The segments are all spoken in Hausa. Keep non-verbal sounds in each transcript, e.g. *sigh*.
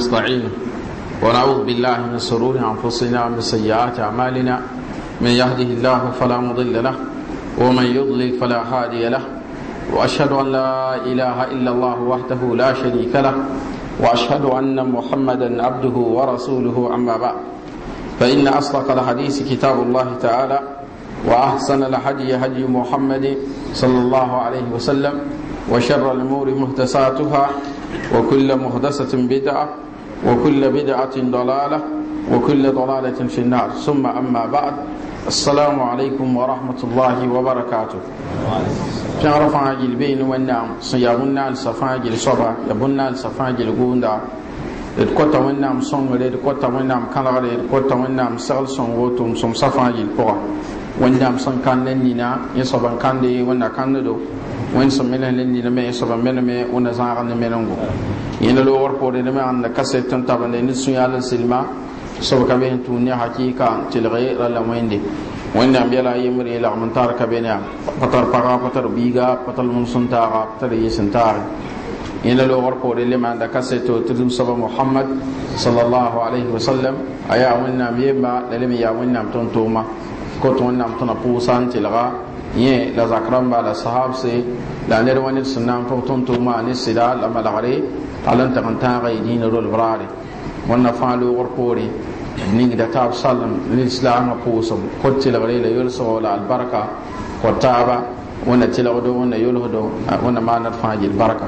نستعين ونعوذ بالله من شرور أنفسنا ومن سيئات أعمالنا من يهده الله فلا مضل له ومن يضلل فلا هادي له وأشهد أن لا إله إلا الله وحده لا شريك له وأشهد أن محمدا عبده ورسوله أما بعد فإن أصدق الحديث كتاب الله تعالى وأحسن الهدي هدي محمد صلى الله عليه وسلم وشر الأمور مهدساتها وكل مهدسة بدعة وكل بدعة ضلالة وكل ضلالة في النار ثم أما بعد السلام عليكم ورحمة الله وبركاته تعرف عاجل بين والنعم صيامنا السفاجل صبا يبنا السفاجل قوندا d kota wẽnnaam sõngre d kota wẽnnaam kãlgre d kota wẽnnaam segl sõng wotum sõm sã fãa yel pʋga wẽnnaam sẽn kãnd n wẽnsem me la n le nina me soaba meneme wẽnna zãagr ne menengo yẽna loogr poorẽ me ãnda kaset n tabende ned sũ-yãal n silma soab ka bes n tũud ne hakɩɩka n tɩlge ra la wẽnde wẽnnaam yɛla a yembr yeelgm n tar ka be ne a pa tar paga pa tar biiga pa tar lũms n taaga pa tar yees n taage yẽna loogr poore le maanda ka seto tɩ rũm soaba mohamad salallahu alayhi wasallam a yaa wẽnnaam yemba la lem n yaa wẽnnaam toma tʋʋma kot wẽnnaam na pʋʋsa n tɩlga yẽ la zak rãmba sahab sahabse la ned wa ned sẽn na n tʋg tʋm tʋʋmã ne sɩda la malgre tall n tag n tãaga yɩ dĩinã rol braare wẽnna fãa loogr poore ningda taab salem ne islaamã pʋʋsem kod tɩlgre la yolsgo la albarka kod taaba wẽnna tɩlgdo wẽnna yolsdo wẽnna maan d fãa yel barka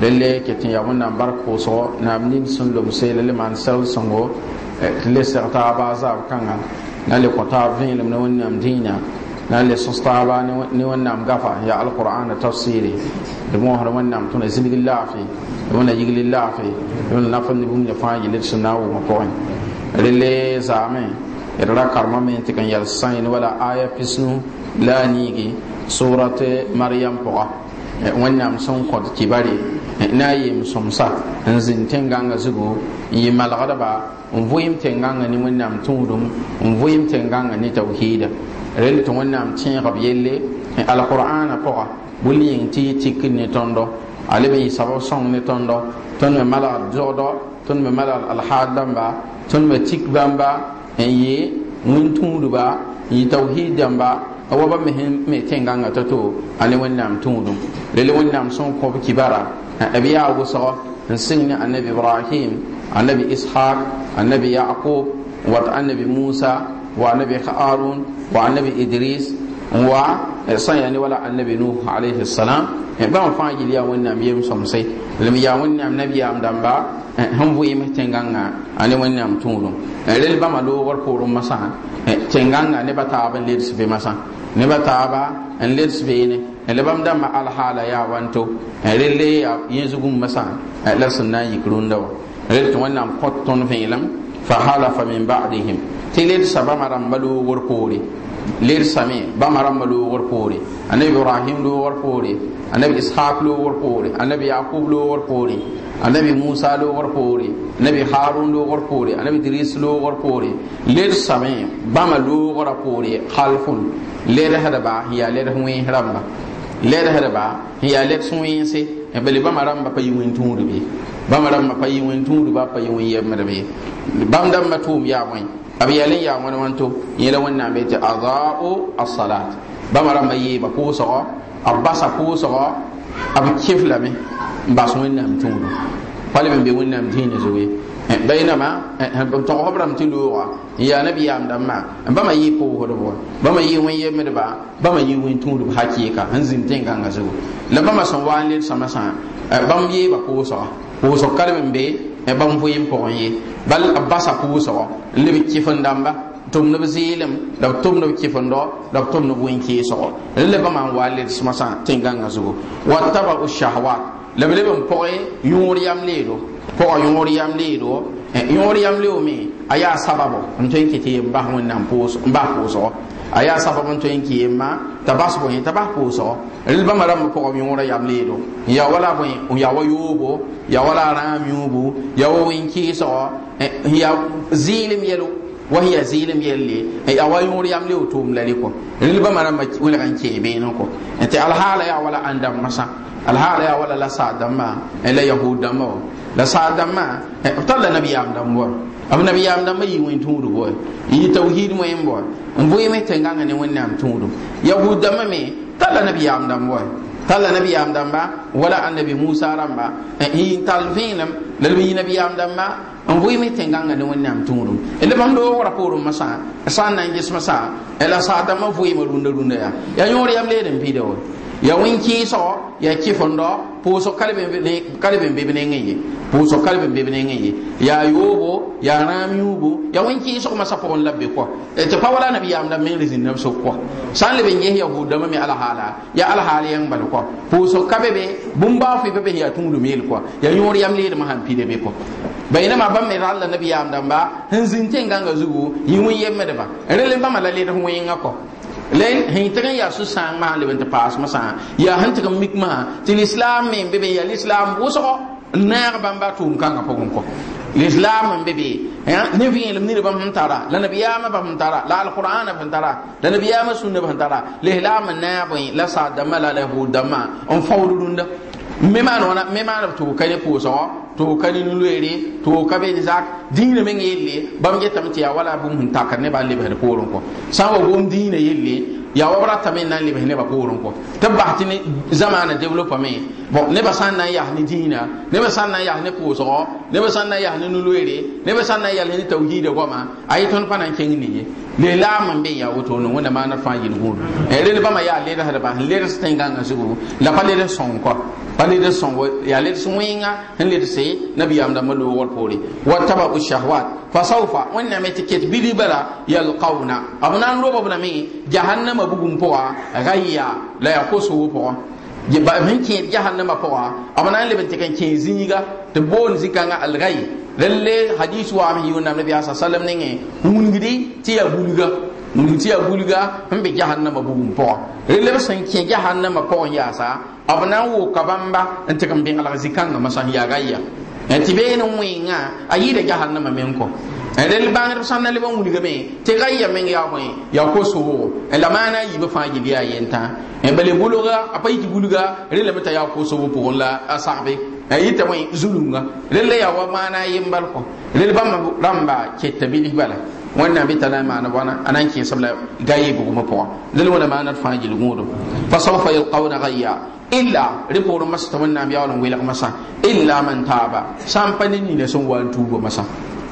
rẽlle ket tɩ ya wẽnnaam bark pʋʋsgo naam ning sẽn lomse la le maan sɛlsengo tɩ eh, lesg taaba a zaab kãnga na le kõ taab vẽelem ne wẽnnaam dĩinã na le sostaba ni wannan gafa ya alqur'ana tafsiri da mu har wannan tuna zilgil lafi da wannan yigil lafi da wannan nafa ni bum ne fa yile sunna wa makon rille zame irra karma men tikan yal sain wala aya fisnu la nigi surate maryam poa wannan sun kod kibare na n yɩɩm sõmsa n zĩnd tẽngãngã zugu n yɩ malgdba n vɩɩm tẽngãngã ne wẽnnaam tũudum n vɩɩm tẽngãngã ne tawhiida rel tɩ wẽnnaam tẽegb yelle alqur'ana pʋga bũmb yĩng tɩ y tik ne tõndo ale me yɩ sabab sõng ne tõndo tõnd me malgd zogdo tõnd me malgd alhaad dãmba tõnd me tik bãmba n yɩ wẽn-tũudba n yɩ tawhid dãmba a wa ba me me tẽngãngã to-to ale wẽnnaam tũudum rel wẽnnaam sẽn kõb kibara e b yaa wʋsg n sɩng e ne anabi ibrahim anabi ishaq anabi yaqub wat anabi musa wa annabi harun wa annabi idris wa eh, san ya wala annabi nuh alayhi salam eh, ba fa gili ya wannan yem somsai lam ya wannan nabi ya damba hon eh, bu yim tenganga ani wannan tunrum rel ba ma do war rum masa tenganga ne ba taaba le sibe masa ne ba taaba en le sibe ne le bam damba al hala ya wanto rel le ya yezugum masa la sunna yikrun dawa rel to wannan kotton felam فحلف من بعدهم تلير سبا مرام ملو ورقوري لير سمي بمرام ملو ورقوري النبي إبراهيم لو ورقوري النبي إسحاق لو ورقوري النبي يعقوب لو ورقوري النبي موسى لو ورقوري النبي هارون لو ورقوري النبي دريس لو ورقوري لير سمي بما لو ورقوري خلف لير هربا هي لير هوين هربا لير هربا هي لير سوين سي bale bãmba rãmba pa yɩ wẽn-tũudb ye bãmba rãmba pa yɩ wẽn-tũudbã pa yɩ wẽn-yembdb ye bãmb dãmbã tʋʋm yaa wẽ b yɛl n yaa wẽn wãn to yẽla wẽnnaam be tɩ asalat bãmba yeeba pʋʋsgɔ b basa pʋʋsgɔ b lame n bas wẽnnaam tũudu pa n be wẽnnaam dĩinã zoge bainama tõgsb rãmb tɩ loogã n yaa nabiyaam dãmbã bãmb a yɩ pʋʋsdb wa bãmb a yɩ wẽn-yembdba bãmb a yɩ wẽn-tũudb hakɩɩka n zĩm tẽn-kãngã zugu la bãmb sama sẽn wa yi ba sã bãmb yeeba pʋʋsga pʋʋsg kalem n be bãmb vɩɩm pʋgẽ ye bal basa pʋʋsgɔ n leb kɩf n dãmba tʋmd b zɩɩlem la b tʋmd b kɩfendɔ la b tʋmd b wẽn-keesgɔ rẽ la bãmb a n wa n lelsãmbã sã tẽn wa yam leedo pʋgã yõor yam leedo eh, yõor yam leoome a yaa sababo n tõe n kɩ tɩ n wẽnnaam bas pʋʋsgɔ a yaa sabab n tõe n kɩ yemma t'a bas bõe t'a bas pʋʋsgɔ rel rãmb pʋgb yam n ya wala bõe n ya wa yoobo ya wala rãam yũubu ya wa wẽn-kɩɩsgɔ n eh, ya zɩɩlem yɛlo wa ya zɩɩlem yelle n eh, wa yõor yam tʋʋm la le kɔ rãmba welg n kẽe beene kɔ tɩ alhaala yaa wala ãn dãmbã sã alhaala yaa wala la saa dãmbã la yahud dãmbã la saal dãmbã b tar la nabiyaam dãmb bɔr b nabiyaam dãmbã yɩ wẽn tũudu bɔr yɩ tawhiid wẽn bɔr n vɩɩme tɩ n gãngã ne wẽnnaam tũudu yahud dãmbã me tar la nabiyaam dãmb bɔr tar la nabiyaam dãmba wala annabi musa rãmba n yɩ n tall vẽenem la b yɩ nabiyaam dãmba n vɩɩme tɩ n gãngã ne wẽnnaam tũudum d bãmb doogrã poorẽ masã sã n na n ges masã la saal dãmbã vɩɩmã rũndã rũndã yaa yaa yõor yam leed n pida wa ya winki so ya kɩfendɔ pʋʋsg kalbn bɩb ne ye pʋʋsg kalbn bɩb nengẽ ye yaa yoobo yaa rãam yũubo ya winki so ma sapo on labbe ko e to pawala nabi ya amda me so ko san le be n ya n dama mi ala hala ya ala hala yang bal ko puso kabe be bumba fi be be ya tũudum yel ko ya yõor yam le ma han pide be ko kɔ bainama bãmb me rall nabiyaam dãmba sẽn zĩnd tẽn-gãngã zugu yĩ wẽn ba rel bãmba la led f wẽngã ko len hin tren ya su ma le pas ma ya hin tren mik ma tin islam min bebe ya islam wo so nar bamba tum kan ka ko bebe ne vi ni tara la tara la alquran tara la sunna tara na la la dama on me maan wãna me maanb tog ka ne pʋʋsgɔ tog ka ne nu-loeere ka be ne zak dĩinã meng yelle bãmb getame tɩ yaa wala bũmb sẽn takr nebã n lebsd poorẽ kɔ sã n wa gom dĩinã yelle ya wab ratame n na n ne ba poorẽ kɔ Te b bas tɩ ne zamaana developame bõ ne eh, ba n na ni yas ne ba nebã sã n na n yas ne ba nebã sã n na n yas ne nu-loeere nebã sã n na n yals ne tawhiidã goamã a yɩ tõnd pa na n kẽng ne ye leelaam n be yaa wotone wẽnna maana fãa yel gũudu rel bãmba yaa ledsdbã sẽn leds tẽn gãngã zugu la pa leds sõng kɔ pa led n sõng yaa led sẽn wẽnga sẽn ledse nabiyaamdã me loogr poore wa tababu shahwat fa saufa wẽnnaame tɩ ket bili bara, yalkauna b na n roba b lame jahannama bugum pʋga gaya la yaa kosogo Ba sẽn kẽed jahannama pʋga b na n leb n tɩk n kẽe zĩiga tɩ boon zĩ-kãngã algay rẽlle hadis waam yʋʋnam nabiyaa sa ne ne wingdi ti ya bulga mun tiya bulga n be jahannama bugum pʋgɔ releb sẽn kẽ jahannama pʋgẽ yaasa b na n wʋka bãmba n tɩg n bẽglg zĩ-kãngã masã yaaga ya tɩ been n wẽngã a yɩɩda jahannama meng kɔ rel bãngd b sãn na leb n wilgame tɩ ga ya meng ya bõe yaa kos-wʋgo la maana a yiibã fãa gil yaa yentã bale bulga a pa yik bulga relame t'a yaa kos-wʋ la a sagbe yita e wẽ zulunga rel la yaa wa maana a yembal kɔ rel bãmb rãmba keta bilf bala wannan bi tala maana bãna a na n kẽesb la bugu ma pʋgã dẽl wẽna maana d fãa gil fa sawfa yalqawna ghayya illa rẽ masa masã tɩ wẽnnaam yaool n welg illa man taba sã n ne nina sẽn wa masa tuuba masã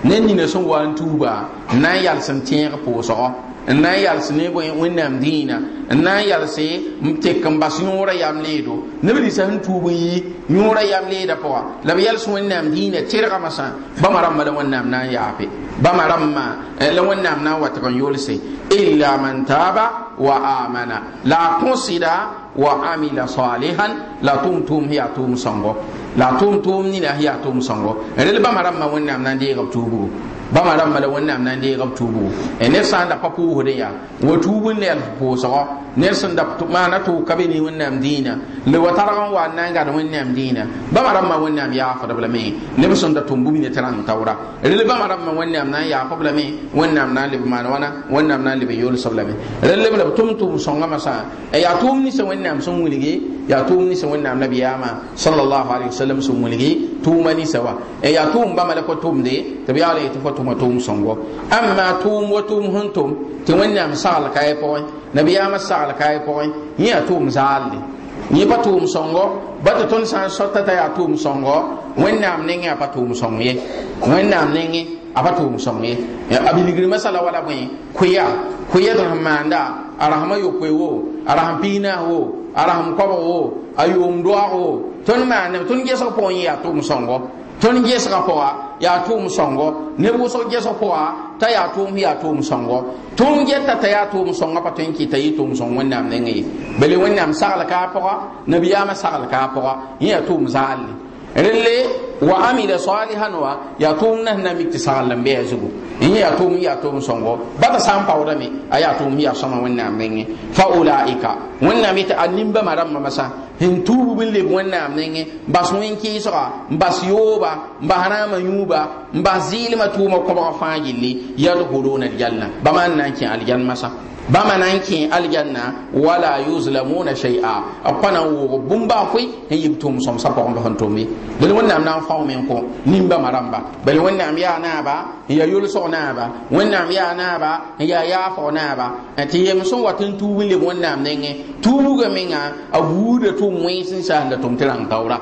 ne nina sẽn wa n tuuba n na n yals n tẽeg pʋʋsgɔ n na n yalsi ne wẽnnaam dĩinã n na n yalsi n tek n bas yõorã yam leedo neb ninsã sẽn tuub n yɩ yõorã yam leeda pʋga la b yɛls wẽnnaam dĩinã tɩrgame sã bãmba rãmbã la wẽnnaam na n yaafe bãmba rãmbã eh, la wẽnnaam na n wa tɩg n yʋlse man taaba wa amana la a kõsɩda wa amila salihan la tʋʋm tʋʋm sẽn yaa tʋʋm sõngo la a tʋʋm tʋʋm nina sẽn yaa tʋʋm sõngo rel rãmbã wẽnnaam na n deeg b bãmba rãmba la wẽnnaam na n deegb da pa pʋʋsd n yaa da wa da na sallallahu alaihi wasallam la tuma tʋʋm sõngo amma tʋʋm wa tʋʋm sẽn tʋm tɩ wẽnnaam saglka ye pʋgẽ nabiyaamã saglka ye pʋgẽ yẽ yaa tʋʋm zaalle yẽ pa tʋʋm sõngo ba tɩ t'a yaa tʋʋm sõngo wẽnnaam nengẽ a pa tʋʋm sõng ye wẽnnaam nengẽ a pa ye a bilgri masala wala bõe koya koya tɩ sẽn maanda a wo a rasm wo a rasm wo a yoom doaag tõnd gesgã pʋga yaa tʋʋm sõngo neb wʋsg gesg pʋga t'a yaa tʋʋm yaa tʋʋm sõngo tʋʋm geta t'a yaa tʋʋm sõngã pa tõe n kɩta yɩ tʋʋm sõng wẽnnaam nengẽ ye bele wẽnnaam saglkaa pʋga nabiyaamã saglkaa pʋga yẽ yaa tʋʋm zaalle rẽlle wa amila salihan wa ya tum na na mikti salam be azugo in ya tum ya tum songo bata san pawda mi aya tum ya sama wanna mengi fa ulaika wanna mi ta annim ba maram masa hin tubu bin le wanna mengi bas mun ki sura bas yoba bahana ma yuba bazil ma tuma ko ba fangili yadkhuluna aljanna baman nan ki aljanna masa bama nan kẽ aljanna wala yuzlamuna shay'a a pa na n wʋg bũmb baa koe n yib tʋʋm sõmsã pʋgẽ bsẽn tʋm ye dẽl wẽnnaam na pao ko nimba maramba bal wẽnnaam yaa naaba n ya yʋlsg ya wẽnnaam yaa naaba ya yaa yaafg naaba tɩ yem sẽn wat n tuub n leb wẽnnaam nengẽ tuubga menga a wuda tu mwe sin sa da tɩ taura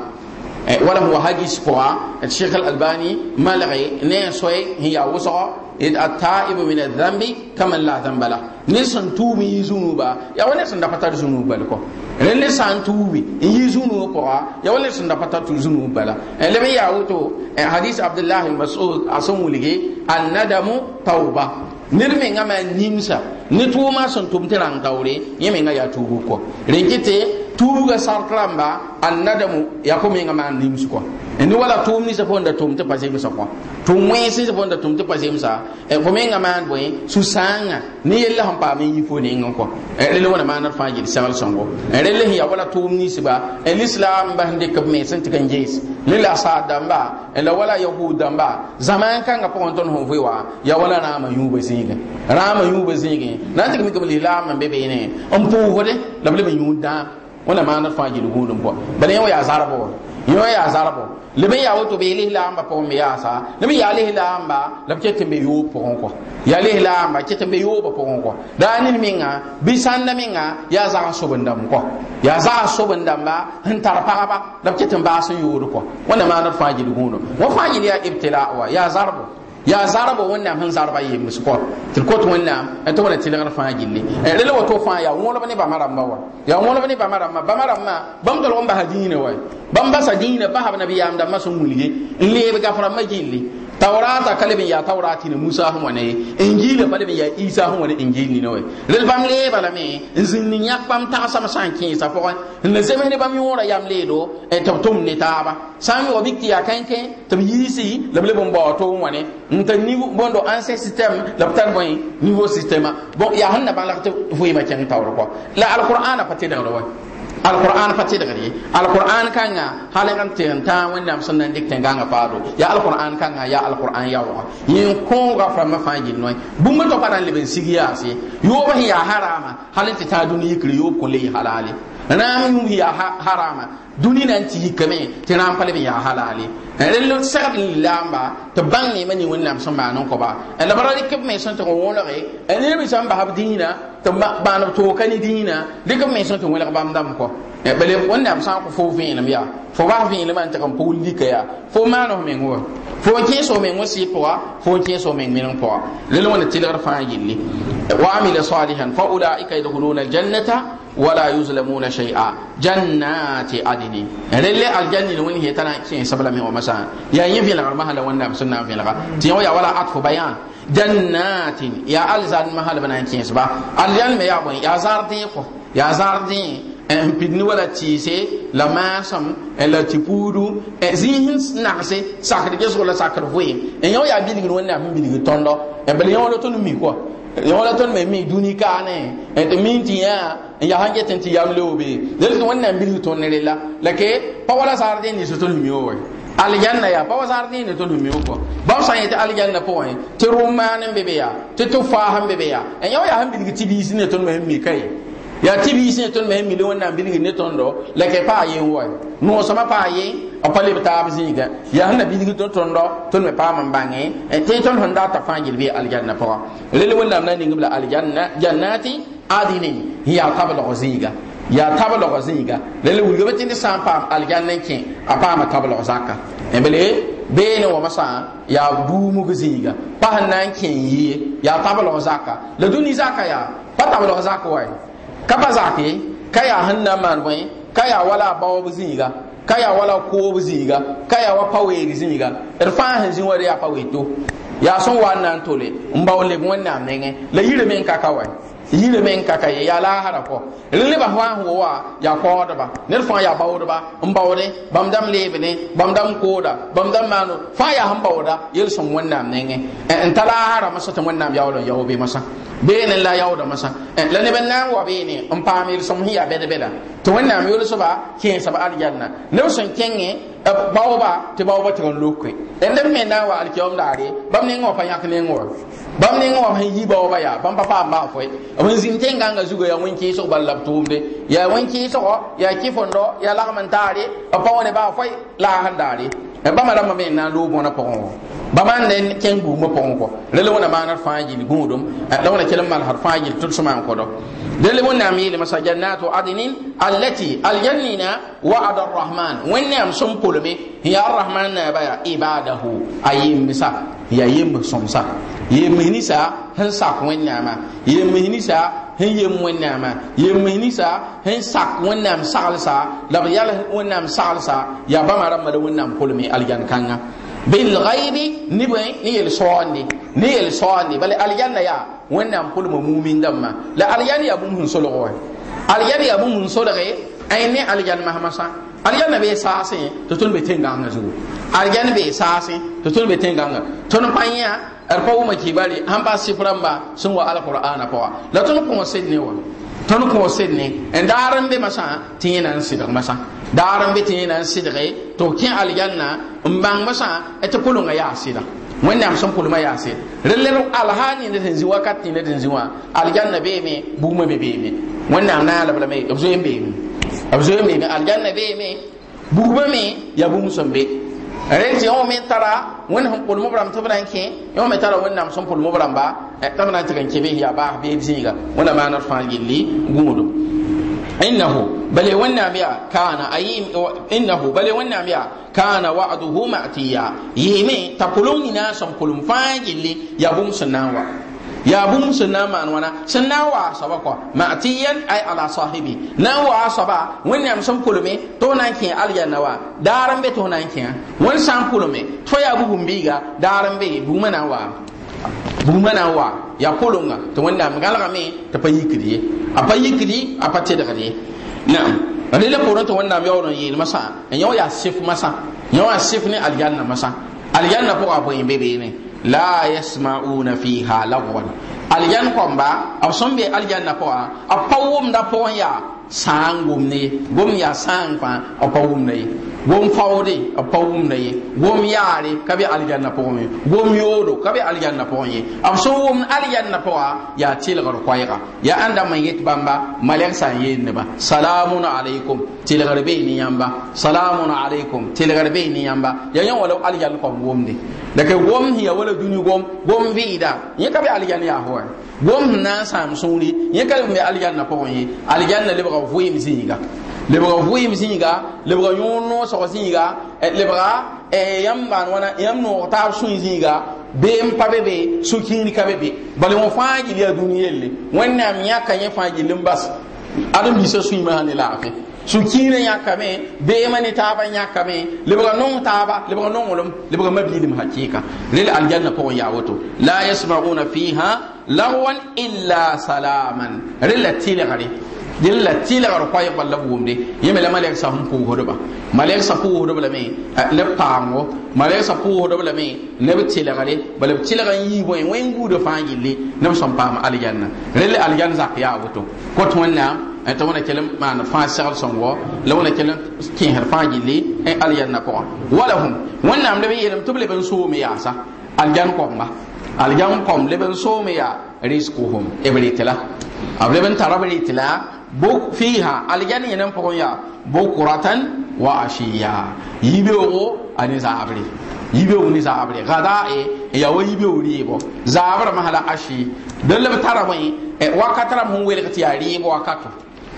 Eh, wala huwa hadis poa at eh, sheikh al albani malghi ne soy hiya wusa id at ta'ibu min adh dhanbi kama la dhanba la ne san tubi zunuba ya wala san da patar zunuba ko ren ne san tubi yi zunuba poa ya eh, wala san da patar zunuba la le be ya wuto hadis abdullah al mas'ud asan wulige an nadamu tauba ned menga ma nimsa ne tuuma sẽn tʋm tɩ rãng taoore yẽ menga yaa tuubu ko rinkite tuuga sark rãmba annadamu yaa kõ menga maan nims kɔ Ni wala tʋʋm ninsã fo n da tʋʋm tɩ pa zemsã kɔ tʋʋm wẽns ninsã fo n da tʋʋm tɩ pa zemsa fo e, menga maan bõe sũ-sãanga ne yella sẽn paam n Ni fo nengẽ kɔ rel wẽna maana d fãa yel segl-sõngo rel sẽn yaa wala tʋʋm ninsba e, lislaam bas n dɩk b me sẽn tɩ n le la asaad dãmba e, la wala yahud dãmba zãmaan kãngã pʋgẽ tõnd sẽn vɩ wa yaa wala rãama yũuba zĩigẽ rãama yũuba zĩigẽ na n tɩ mikame lislaam n be beene n pʋʋsde la b leb wẽna maanda fãa yel gũudum pʋa bala yẽ wa yaa zarbo wa yẽ wa yaa zarbo leb n yaa woto bee lislaamba pʋgẽ me yaasa leb n yaa lislaamba la b ket n be yoob pʋgẽ kɔa yaa lislaamba ket n be yooba pʋgẽ kɔa daa nin menga bɩ sãnda menga yaa zags sob-n-dãmb kɔa yaa zags sob-n-dãmba sẽn tar pagba la b ket n baas n yood kɔa wẽna maanda d fãa yel gũudum wã fãa yel yaa ibtila wa yaa zarbo ya zarba wannan han zarba yi musu ko til ko to wannan an to wannan tilgar fa gilli e eh, rele wato fa ya wona bane ba ma wa ya wona bane ba ma ba maramma bam dal won ba hadina wa bam ba sadina ba habna biyam da masu mulge in le ga fara ma gilli taurata kalbin ya taurati ne musa hon wane injila kalbin ya isa wane bam le bala me ta sam san kin sa fo ne bam yam le do e to tum ne ta ba san yo bikti ya kan ken to yisi le le bon ba to wane nta ni bon do la tan bon niveau bon ya hanna ba to fo yima tawro ko la da alquran fa tɩdgre alquran kãngã hal n tẽen tãag wẽnnaam sẽn na n dɩk tẽngãngã paado yaa alquran kãngã yaa alquran yaoogã yẽ kõoga fãmbã fãa yɩl noe bũmb tɩ pa ra n leb n sig yaase yoob sẽn yaa haraama hal n tɩ taa dũni yikri yoob kõ le y halaale rãam yũmb yaa haraama dũni na n tɩ yikame tɩ rãmb pa leb n yaa halaale rel segd n laamba tɩ bãng neemã ne wẽnnaam sẽn maan n kɔba la ba ra rɩkb me sẽn tɩg n wõlge a neb sã n basb dĩinã tɩ bãan b tooka ne dĩinã dɩk b me sẽn tɩ wẽlg bãmb dãmb kɔ bale wẽnnaam sã n kõ fo vẽenem yaa fo bas vẽenemã n tɩg n pʋgl lika yaa fo maanos meng wa fo n kẽes f meng wẽsɩɩ pʋga fo n kẽes f meng menen pʋga lel wẽnd tɩlgd fãa yelle wa amila salihan fa ulaika yadkhuluna aljannata wala yuzlamuna shay'a jannati adni relle aljanni ne wẽnd sẽn tara kẽesb lame wã masã yaa yẽ vẽlgr masã la wẽnnaam sẽn na n vẽlga tɩ yã wa yaa wala atfo bayan jannatin ya alzan mahal bana kiyes ba aljan me ya bon ya zardi ko ya zardi en pidni wala tise la masam en la en zihin sakri geso la sakri voye en yo ya wonna am tondo en bel yo tonu mi ko yo la ton me mi duni en te en ya tenti del wonna am tonne la la ke pa wala ni so tonu mi o aljanna ya pa wazar ne to dumi ko ba sa yi ta aljanna po yi ti rumanin bebe ya ti tufahan bebe ya en yau ya han bilgi ne sine ton mahimmi kai ya tibi sine ton mahimmi le wannan bilgi ne ton do la ke pa yi wo no sama pa yi a pali ta abzi ga ya han bilgi ton ton do ton me pa man bangi e te ton honda ta fangil bi aljanna po lele wannan nan ngibla aljanna jannati adini hiya qabla ghaziga ya tablg zĩiga zinga la wilgame tɩ ne sã n paam algan n kẽ a paama tablg zaka bele beene wama san ya buumg zĩiga pa sẽn na n kẽ yɩɩ yaa tablg zaka la duni zaka ya pa tablg zaka wa ka pa zak ye ka ya sẽn na n ka ya wala a baoob zĩiga ka ya wala koob zĩiga ka ya wa pa weeg zĩiga d er fãa sẽn zĩ wa ya yaa pa weto yaa sẽn wa n na n tole n bao la yire me ka ka wa yire men kaka ye ya lahara ko rele ba hwa huwa ya kodba ner fa ya bawdba mbawde bamdam lebne bamdam koda bamdam manu fa ya hambawda yel son wannan nenge en talahara masa ta wannan ya wala yawo masa Be ne la yawo da masa la ne nan wa bene on pa mi som hiya be da to wannan yel so ba ke sa ba aljanna ne son kenge ba. te bawba tan lokwe en dem me na wa da dare bam ne ngofa yak ne ngofa bam ning wa hin yiba ba ya bam papa ma fo wen zin tenga nga zugo ya wen ki so bal laptumde ya wen ki so ya ki fondo ya la man tare papa woni ba fo la han dare e bama rama me na lo bona ba man den ken bu mo pon ko lele wona ma na faaji ni gudum da wona kelam mal har faaji tut suma ko do دل من نعم يلي مسا جنات عدن التي الجنين وعد الرحمن وين نعم سم هي الرحمن نبايا عباده أيم مسا هي يم سمسا يم هنسا هنساق وين نعم يم هنسا هن يم وين نعم يم هنسا هنساق وين نعم سالسا لغيال وين نعم سالسا يا بما رمضان وين نعم الجن الجنة كانا bil ghairi ni ba ni yel soandi ni yel soandi bal aljanna ya wannan kul mu'min damma la aljanna ya bum hun solo wa aljanna ya bum hun solo re ayne aljanna mahamasa aljanna be sasin to tun be tenga na zugo aljanna be sasin to tun be tenga na tun panya ar er pa uma kibali han ba siframba sun wa alqur'ana pa la tun ko sedne be masa masa daaran bi tin nan sidre to kin b kẽ aljanna n bãngmã sã tɩ pʋlunga yaa sɩda wẽnnaam sẽn pʋlma yaa sɩd rẽlr alhaa nina tɩ n zĩ wakat ne tin ziwa aljanna be me beeme buumã be me beeme wẽnnaam na ala bala me b zoeen beeme b zoeen beeme aljanna beeme buumã me ya bu sẽn be rẽnd tɩ yõ me tara wẽnd sẽn pʋlm bram rãmb bran ke na n me tara wẽnnaam sẽn pʋlm b bram ba b na n tɩg n kẽ bees yaa baas beeb zĩiga wẽna maana d fãa yelli Inna hu, ba lɛ wani na mía ka na wa'aduhu matiyya, yi min ta kulu ni na son kulun fangilin ya bum sunan Ya bum sunan man wana, sunan wa matiyan ayi ala sahu biyu, wa shagon ba wani na yamsun kulumin tunan ki yi arzinawa, da don bai tunan ki yi, wani ya bugun biyu ga, da don bai bumana wa ya kolonga to wanda galgame me ta yikri kidi a pa kidi a pa da kidi naam rẽ la pʋgẽ wanda wẽnnaam yaoor yi masa sã n ya sif masa sɩf ya sif ne aljanna masa aljanna ko a bõe bebe ne la yasma'una fiha lagwan ko ba a son be aljanna ko a pawum da pawon ya sangum ne gom ya sãn fa a pawum ne ye gom faoore a pawum na ye gom yaare ka bi aljanna pʋgẽ ye gom yodo ka be aljanna pawum ye b sẽn wʋmd aljanna ya yaa tɩlgr ya yaa ãnda n yet malen malɛg ye ne ba salamun alaykum gar be ni yamba salamun alaykum gar be ni yamba ya yã wala aljanna kɔm wʋmde la ka gom sẽn yaa wala duni gom gom vida ye ka bi aljanna ya fo gom na n sãam sõore yẽ ka be aljanna pʋgẽ ye aljanna lebga vɩɩm zinga lebga vʋɩɩm zĩiga lebga yõor noosg zĩiga eh, lebga eh, yãmb maan wãna yãmb noog taab sũi zĩiga beem pa be be sũ-kĩigri ka be be bala wõ fãa gil yaa dũni yelle wẽnnaam yãka yẽ fãa gill n bas ãdem-biisã sũ-yĩmã sã ne laafẽ sũ-kĩigrã yãkame beemã ne taabã yãkame lebga nong taaba lebga aljanna woto la yasmauna fiha illa salaman rela tɩlgre dilla tilgar koy balla wumde yeme la malek sa hum ko hodoba malek sa ko hodoba la me le pango malek sa ko hodoba la me ne be tilgare bala be tilgan yi boy wen gudo fangille ne son pam aljanna rel aljanna za ya goto ko to wonna en to wona kelam man fa sagal son wo la wona kelam kin har fangille en aljanna ko wala hum wonna am de be yelam tuble ben so me yasa aljanna ko ma aljanna ko leben so me ya rizquhum ibritila abreben la. fiha aljani yana pogon ya bukuratan wa ashiya yibe o ani zabre yibe o ni zabre gada e ya wo yibe o ribo zabra mahala ashi dalle batara mai e wakatara mun wele kati ya ribo wakato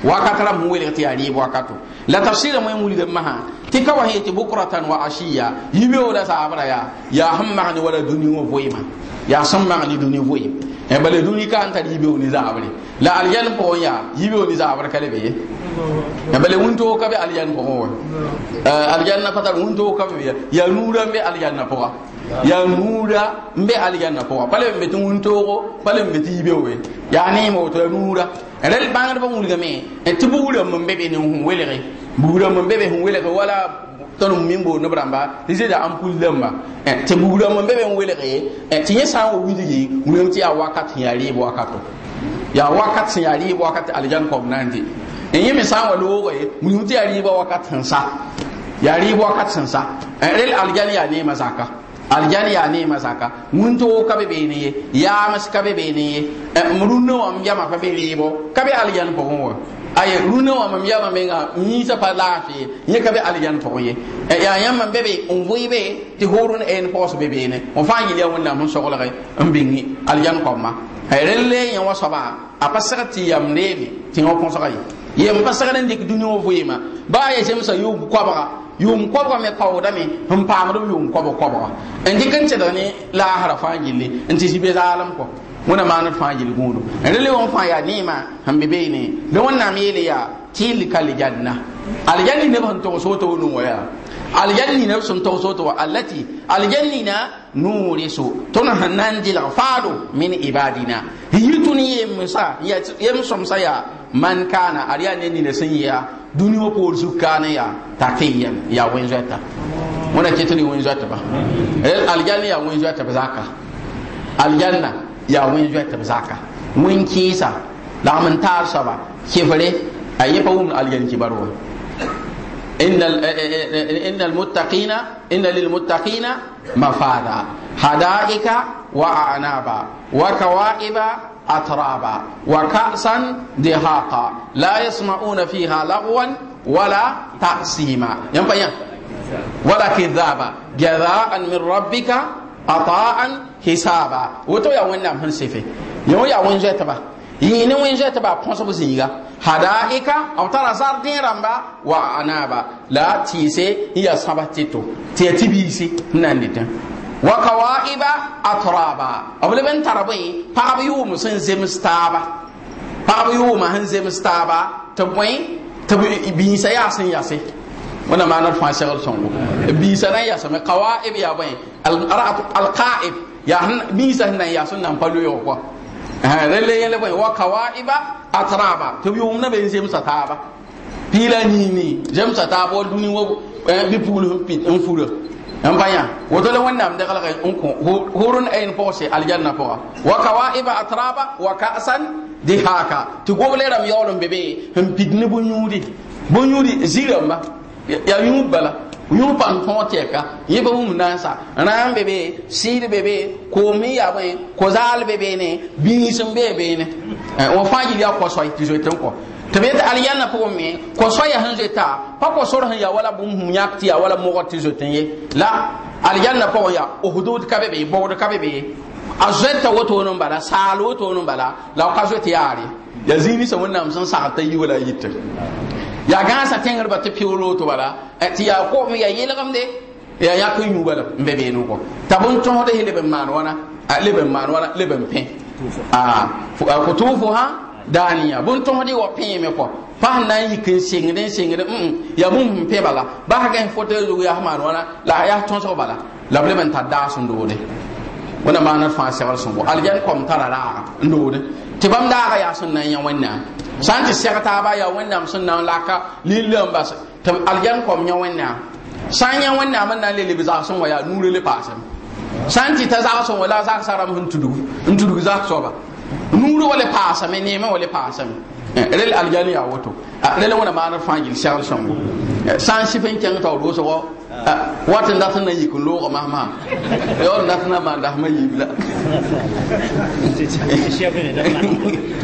wakatara mun wele kati ya ribo wakato la tafsira mun muli maha ha tika wa heti bukuratan wa ashiya yibe o da zabra ya ya hamma ni wala duniyo voima ya samma ni duniyo voima e bale duni ka anta yibe o ni zabre la aliyan po ya yibe woni za barka le be ya bale wunto ka be aliyan po wa eh, aliyan na fatar wunto ka be ya nura be aliyan na po ya nura be aliyan na po bale be tun wunto ko bale be ti yibe we ya ni mo to nura rel bangar ba wulga me e tibura mo be be ne hun welere bura mo be be hun welere wala tõnd min no bramba rãmba tɩ zeda n lemba e tɩ bugrã mo be be n welge tɩ yẽ sã n wa wilgi wilgame ti yaa wakat sẽn yaa reeb wakato ya wakat sẽn yaa rɩɩb wakat aljan kom na n dɩ n yẽ me sã wa looga ye mun tɩ yaa rɩɩba wakat sẽn sa yaa rɩɩb wakat sẽn sa rel aljan eh, yaa neemã zaka aljan yaa neemã zaka wĩntoog ka be beene ye yaams ka be beene ye m rũnnã wãm yama pa be rɩɩbo ka be aljan pʋgẽ wa aye rũnnã wã mam yama menga miisã pa laafɩ ye ka be aljan pʋgẽ ye yaa yãmb ma be be n vɩɩbe tɩ hoorn ɛɛn pɔɔs be beene n fãa yɩl yaa wẽnnaam sn soglge n bĩngi aljan kɔmma rel le yẽ wã soaba a pa segd tɩ yam leeme tɩ yẽ wa kõsga ye yem pa segd n dɩk dũni wã vɩɩma baa ya zemsa yʋʋm koabga yʋʋm koabga me paoodame n paamd b yʋʋm koabg koabga n dɩk n tɩdg ne laasra fãa gilli n tɩ zĩ be zaalem kɔ wẽna maand d fãa gill gũudu rel le wã fãa yaa neemã n be beene la wẽnnaam yeele yaa tɩɩl ka aljanna aljanni neb sẽn togs woto wã nung wã yaa aljanni neb sẽn togs woto wã allati aljanni na nuuri so tõnd sẽn na n dɩlg faado min ibadina yi tõnd yemsa yem sõmsa yaa man kaana ad yaa ne nina sẽn yɩa dũni wã poor zug-kaan yaa t'a tɩ yam yaa wẽn-zoɛta wẽna ket ne wẽn-zoɛtba eh, algan yaa wẽn-zoɛtb zaka alganna yaa wẽn-zoɛtb zaka wẽn-kɩɩsa lagm n taar soaba kɩbre a yẽ pa wumd algan kibar wa إن المتقين إن للمتقين مفادا حدائق وأعنابا وكواعب أترابا وكأسا دهاقا لا يسمعون فيها لغوا ولا تأسيما ينبغي ولا كذابا جزاء من ربك عطاء حسابا وتو يا وين نعم هنسفه يا وين جاي تبا yĩne wẽn-zoɛ tɩ baa põsb zĩiga hadaɩka b tara zar dẽ rãmba wa anaaba la tɩɩse n yaa sãba tɩto tɩ yaa tibiise n na n dɩtẽ wa kawaɩba atraba b leb n tar bõe pagb yʋʋm sẽn zems taaba pagb yʋʋma sẽn zems taaba tɩ bõe tɩ bĩisa yaa sẽn yase wẽnna maana d fãa segl sõngo bĩisa na n yasame kawaɩb yaa bõe alqa'ib yaa bĩisa sẽn nan n yas n na n pa loeoog rẽl yẽl bõe wa kawaiba atraba tɩ b yʋʋmdã be n zemsa taaba piila niini zemsa taab wa dũni wa eh, bipuulf n fura n pa yã woto la wẽnnaam deglg n kõ hurun ayn pʋgse aljanna pʋga wa kawaiba atraba wa ka'san dihaaka tɩ gobl rãmb yaool n be be n pid ne bõn-yũudi bõn-yũudi zĩ rãmba yaa yũud bala yũ pan tõog tɛka yẽ pa wum naasa rãan be be sɩɩd be be koom n ya bõe kozaal be beene bĩis n bee beene wã fãa yil yaa kõ-soɛ tɩ zoet n kɔ tɩ be tɩ aliyana pʋgẽ me kõ-soa ya sẽn zoeta pa kõ-sor sẽn ya wala bũmb yãk tɩ ya wala mogd tɩ zoet n ye la aliyana pʋgẽ ya osdod ka be be bogd ka be be a zoɛta wotoon n bala saal wotoon n bala la ka zoet yaare ya zĩig ninsã wẽnnaam sẽn sagd t'a yi wala a yitã ya gãasa tẽngr ba tɩ piʋg rooto bala tɩ yaa kom ya de, ya yãk n yũ bala n be beene kɔ t'a bõn tõsd ye leb n maan wãna leb n maan wãna leb n pẽ fo tuufuha daaniya bõn tõsd ye wa pẽeme kɔ pa na n yik n sengd n sengd m mm, ya bũmb n pẽ bala basgẽ fo tɩ zug yaa maan wãna la yaa tõsg bala la b leb n tar daas n doode wẽna maana d fãa segl sẽn kɔ aljan kom tara raaga n doode tɩ bãmb daaga yaa sẽn na n yã Santi tɩ sɛg taaba yaa wẽnnaam sẽn na n laka lilla n bas tɩ algan kɔm yã wẽnnaam sã n yã wẽnnaam n na n le leb zagsẽ wã yaa nuure le paasem sãn tɩ t'a zagsẽ wã la zagsã rãmb sẽn tudg n tudg zag soaba nuure wa le paasame neemã wa le paasame eh, rel aljan yaa woto rel ah, wẽna maan d fãa gil segl sõngo eh, sã n sɩf n kẽng taood wʋsgɔ wat n dat n na yik n ma mas maam yaoor dat n na maan dasma yibla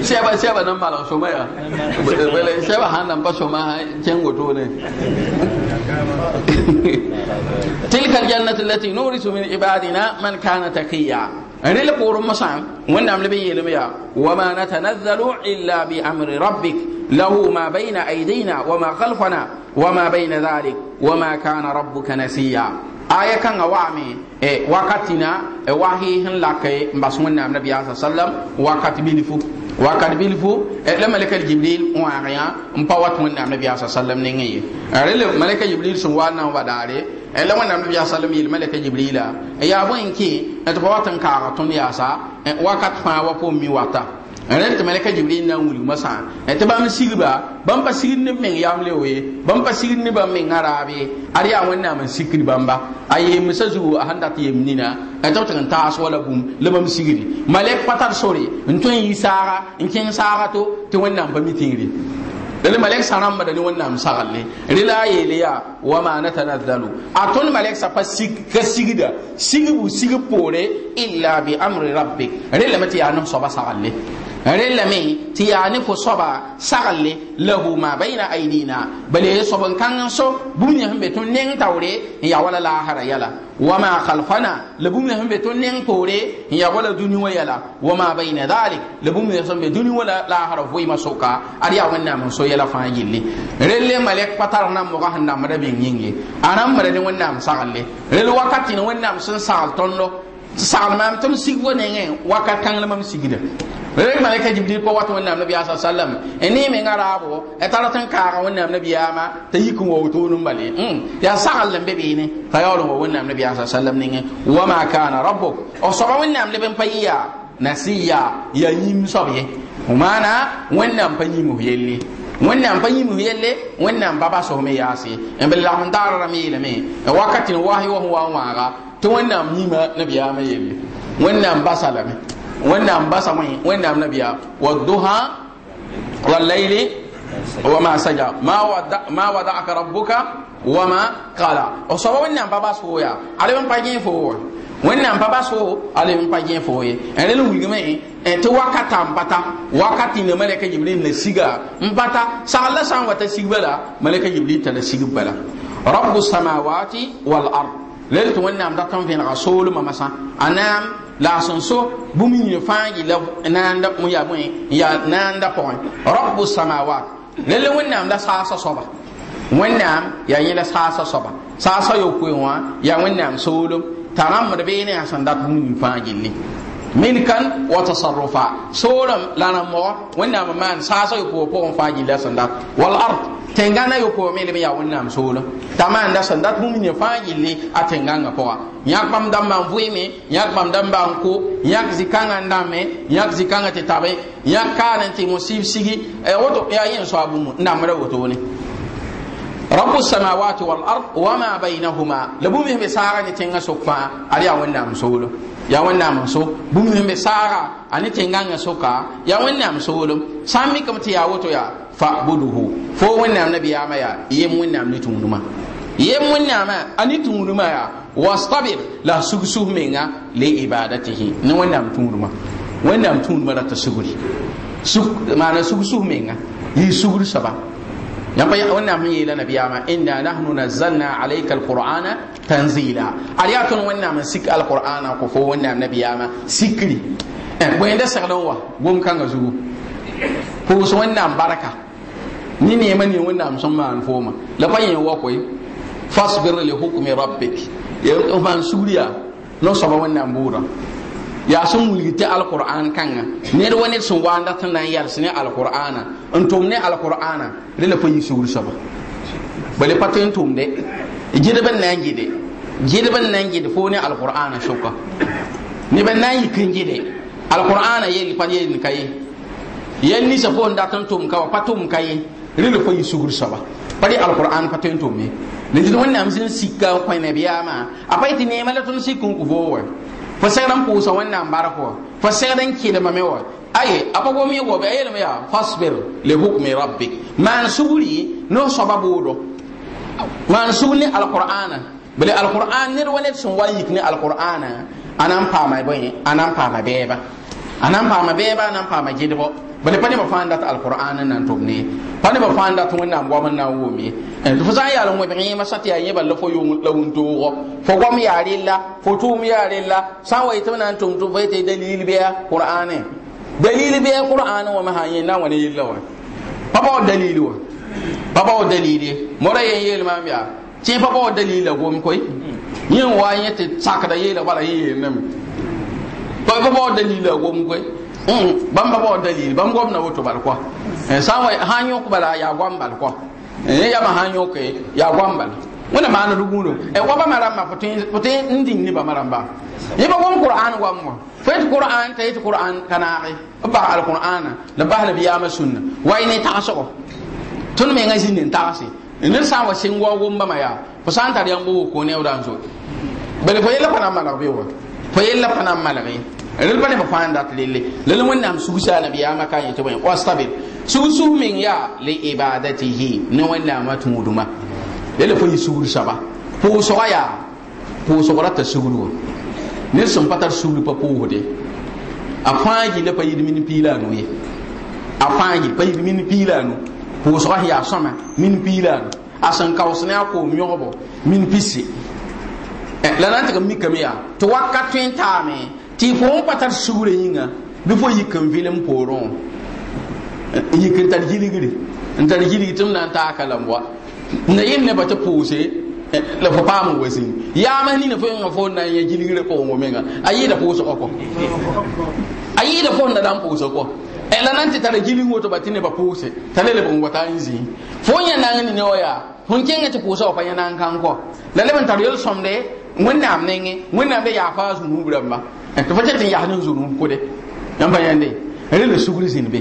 sɛba nan malg sõma yaa sɛba han nan ba so pa ken goto ne tilka jannatu allati nurisu min ibadina man kana taqiya rel pʋʋrẽ mosã wẽnnaam leb n yeelme yaa wama natanazzalu illa bi amri rabbik له ما بين أيدينا وما خلفنا وما بين ذلك وما كان ربك نسيا آية كان وعمي إيه وقتنا وحي هن لك بسمنا النبي صلى الله عليه وسلم وقت بلفو وقت بلفو إيه لما لك الجبريل وعيا مبوت من النبي صلى الله عليه وسلم نيجي رل ملك جبريل سوانا وداري إيه لما النبي صلى الله عليه وسلم ملك جبريل يا بوينكي أتبوت كارتون ياسا وقت فا وقومي وقتا rẽnd tɩ malɛka jibril na n wilg masã e tɩ bãmb sigba bãmb pa sigd neb meng yaam le we bãmb pa sigd ne bãmb mengã raab ye ad yaa wẽnnaam n sikd bãmba a yeemsã zugu a sẽn dat yeem nina tɩ e b tɩg n taas wala bũmb la bãmb sigri malɛk pa tar sore n tõe n yɩ saaga n kẽng saaga to tɩ wẽnnaam pa mi tĩngri dani malek sa rãmbda ne wẽnnaam sagle rela a yeele yaa wama natanazzalu a tõnd malek sã pa ka sigda sigbu sig poore illa bi amri rabbik relame tɩ yaa nem soaba sagle rellame tɩ yaa ne fo soaba sagle lahu ma baina aidina bale sob n kãng n so bũmb ne sẽn be tõnd neng taoore n yaa wala laasara yɛla wama khalfana la bũmb ne sẽn be tõnd neng poore n yaa wala dũni wã yɛla wama baina dhalik la bũmb ne sẽn be dũni wã laasara vɩɩmã soka Ari ya wẽnnaam n so yala fãa yelle relle malɛk pa tar nan moga sẽn namda beng yĩnge a rãmbra ne wẽnnaam sagle rel wakatɩ ne wẽnnaam sẽn sagl tõndo sagl maam tɩ m sig ne nengẽ wakat kãng la mam sigda Ka malaika jibril pa wat wẽnnaam nabiya sa sallam n ne raabo a tara tɩn kaaga wẽnnaam nabiyaama t'a yik n wa nabiya e sa pa ye maana pa pa daara wakati wẽnnaam basa wẽ wẽnnaam nabiya wadduha wallaili wama saja ma wadaka wa ma kala o soaba wẽnnaam wa bas foo yaa ale n pa gẽ foo wã wẽnnaam pa bas foo ale n pa gẽ foo ye n rel wilgme tɩ wakata n bata wakati ne malɛka jibril la siga n bata sagl la wata sigbala wa ta jibril t'a la sigbala bala rabu samawati wal ard lel tɩ wẽnnaam dat n vẽnega ma masã a naam la sẽn so bũmb ne fãa yɩla naanda n yaa bõe n yaa naanda pʋgẽ rabu samawat rel wẽnnaam la saasa soaba wẽnnaam yaa yẽ la saasa soaba saasa yopoe wã yaa wẽnnaam soolem t'a rãmbd bee ne a sẽn dat milkan wa tasarrufa soram lana mo wanda ma man sasa yo ko ko on faji la sanda wal ard tengana yo ko mele ya wanda am solo taman da sanda bum ni faji li atenganga po yak mam dam mam vuime yak mam dam ba ko yak zikanga ndame yak zikanga te tabe yak kana ti musib sigi e woto ya yin so abu mu ndamra woto ne رب السماوات والأرض وما بينهما sokpa بسارة تنغسوكما عليها ونعم سولو ya wẽnnaam n so bũmb sẽn be saara a ne soka ya wẽnnaam soolem sã sami mikame tɩ yaa woto fa buduhu fo wẽnnaam ya maya yem wẽnnaam ne tũudumã yem wẽnnaamã ma ani tũudumã ya wastabir la sug-sug menga le ibadatihi ne wẽnnaam tũudumã wẽnnaam tũudumã ta suguri maana mana sug menga yi suguri soaba ya yãmpa wẽnnaam sẽn yeela nabiyaamã inna nahnu nazzalna alayka alqur'ana tanzila aliyatun wannan tõnd sik alqur'ana ko fo wẽnnaam nabiyaamã sikri eh bõenda inda n wa kan ga gom ko su wannan baraka ni ne neemã ne wẽnnaam sẽn maan foomã la pa yẽ wa koe fasbir li hukmi rabbik ya ko man suriya no-soaba wẽnnaam bura ya sun wulgite alquran kan ne, ned wa sun wanda tun tɩ na sun alqurana ne tum ne alqurana rẽ la pa yi saba bale patin tum de tʋmde ban nan na n ban nan n na ne alqurana shoka ni ban na yi kin n alqurana ye li pa ni kai ye ni sa fo n dat tum ka wa kai, tʋm ka la pa suru saba bale alquran patin tum ne tõe n tʋm ye la dɩd wẽnnaam sẽn sika n kõ nabiyaamã a pa yetɩ neema la tõnd sik wa fo sẽgd n pʋʋsa wẽnnaam bark wa fo sẽgd n kɩdma me wa aye a pa gom yẽ be a yeelame yaa fasbir le hukmi rabbik maan sugri ne soaba boodo maan sugr ne alqur'ana bele alqur'an ned wa ned sẽn wa yik ne alqur'ana a na n paama bõe a na paama bɛɛba a na paama bɛɛba a na paama gɩdbɔ bale pa ne ba fãa n dat alqur'ana nan to ne pani ne ba fãa n dat wẽnnaam goam n na wo mi tɩ eh, to sã n yaa n bi ma sã tɩ ballo fo bala fo wun to fo gwam yaa rilla fo tu yaa ya rilla n wa yetɩ nan na to tʋm tɩ dalil bi dalil bɩa qur'ane dalil bi ya wã me sã n yẽnda wa ne yella wã pa bao dalil wa pa bao dalil ye mora yen yeel maam yaa tẽ pa bao dalil la gom koy yẽ n wa yẽ tɩ sakda yeela bala yẽ yeelname pa bao dalil la gom koy Mm, bamba b'o dalil bãmb gomna woto bal e sã wa eh, sãn yõk bala ya goam bal e eh, ya ma hanyo yõke ya goam bal na maaned e eh, wa ba maramba putin putin n ni ba maramba ni ba pa gom qur'an goam wã fo yetɩ qur'an kana yetɩ qur'an kanaage b bas alqur'ana la bas ma sunna wa y ne tagsgo me ngai sinin n tagse ned n wa seng wao gombãmã yaa fo sã n tar ko woko neoodã n zoe bal fo yella pana na be wa fo yella pana na rel pa ne ba fãa n dat lelle lal wẽnnaam sugsa nabiyaamã ka n yetɩ bõe wastabir min ya li le ibadatihi ne wẽnnaamã tũudumã lele fo yɩ sugr soaba pʋʋsga yaa pʋʋsgra t'a sugr wo ne sẽn pa tar sugr pa pʋʋsde a fãa gilla pa yɩd min piila a ye a fãa gill pa min piila a nu pʋʋsga sẽn yaa min piila a nu a sẽn kaos ne a koom min pisi eh, la na n tɩg m mikame yaa tɩ wakat tõe tɩ fo n pa tar sugrã yĩnga bɩ fo yik n vɩl n poorẽ wã yik n tar yilgri n tar yilg tɩ m na n taaka la wa n na nebã tɩ pʋʋse eh, la fo paam n wa zĩng yaama nina fo yẽnga fo n na n ya yilgrã pʋgẽ menga a yɩɩda pʋʋsgã kɔ a yɩɩda fo n da da n pʋʋsa kɔ eh, la nan tɩ tara gili woto ba tɩ nebã pʋʋse t'a le lebg wata taa n zĩig fo n yã nang nine wã yaa fõn kẽngã tɩ pʋʋsa wã pa yã na n kɔ la leb n tar yel-sõmde wẽnnaam nengẽ wẽnnaam da yaa faa zũ-nuub rãmba to fakat tin yahnin zunun ko de nan bayande rele sugri sin be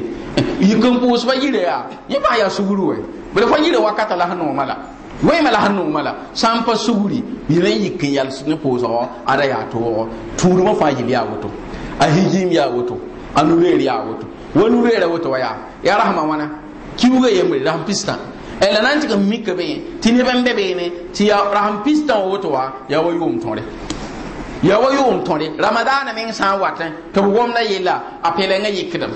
kan ko yi yire ya yi ba ya sugru we bele yi yire wakata la hanu mala we mala hanu mala sampa sugri yi yikan yal ne po so ara ya to turu ma fa yili ya woto a hijim ya woto anureri ya woto wani rera woto waya ya rahma wana kiwuga yemri rahma pistan la na n ka mi ka be tɩ neb n be ne ti ya rasm pista woto wa ya wa mu tõre ya wa yʋʋm tõre ramadaana meng sã n wat tɩ b gomda yella a pele yikdm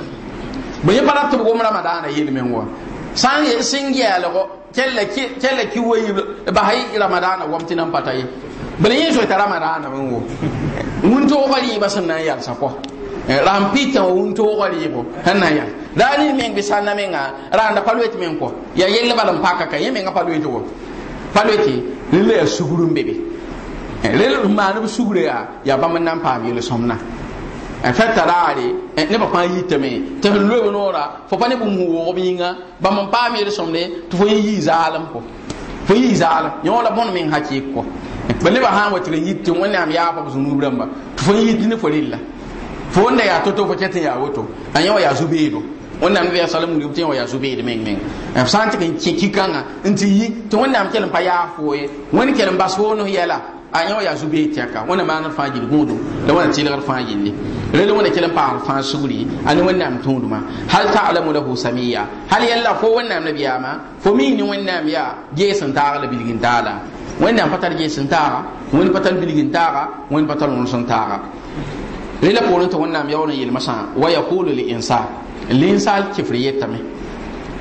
bõ yẽ pa rab tɩ b gom ramadaana yel meng wa sã n sẽn ko kɛlla ki wa yib basa ramadaana gom tɩ nan pata ye bala yẽ zoeta ramadaana meng wo wũntoogã rɩɩbã sẽn na n yalsa kɔ eh, ram pita wa wũntoogã rɩɩbo sẽn na n yal daa nin meng bɩ sãnna menga rãanda pa loet meng kɔ yaa yell bala n paka ka yẽ menga pa loete wo pa loete rẽ la yaa rel maaneb sugre yaa yaa bãmb n na n paam yel-sõmdã eh, n fɛ taraare nebã eh, fãa yitame tɩ f loeb noora fo pa ne bũmb sẽn woogb yĩnga bãmb n paam yel-sõmde tɩ fo yen yɩɩ zaalem po fo yɩɩ zaalem yõ la bõn meng hakɩɩk kɔ ba nebã sã n wa tɩ ra yit tɩ wẽnnaam yaapa b zũnuub rãmba tɩ fo yi yit eh, ne fo rella fo wẽnda yaa to-to fo kẽ tɩ n yaa woto a yẽ wa yaa zu-beedo wẽnnaam vɛɛg salam yʋb tɩ yẽ wa yaa zu-beed meng meng b sã n tɩ n kẽ kikãngã n tɩ yi tɩ wẽnnaam kell n pa yaa fooye wẽnd kell n bas foonos yɛla a yẽ wa yaa zu-beed tɛka wẽna maan d fãa gil gũudum la wẽna tɩlgd fãa yelle rel wẽna kell n paasd fãa sugri a ne wẽnnaam tũudumã hal talamu lahu samiya hal yɛlla fo wẽnnaam nabiyaamã fo mi ne wẽnnaam yaa gees n taag la bilgi n taala wẽnnaam pa tar gees n taaga wẽnd pa tar bilgi n taaga wẽnd pa tar wõns n taaga rela poorẽ tɩ wẽnnaam yaool n yelmasã wa yaqulu li insan linsal kifri yetame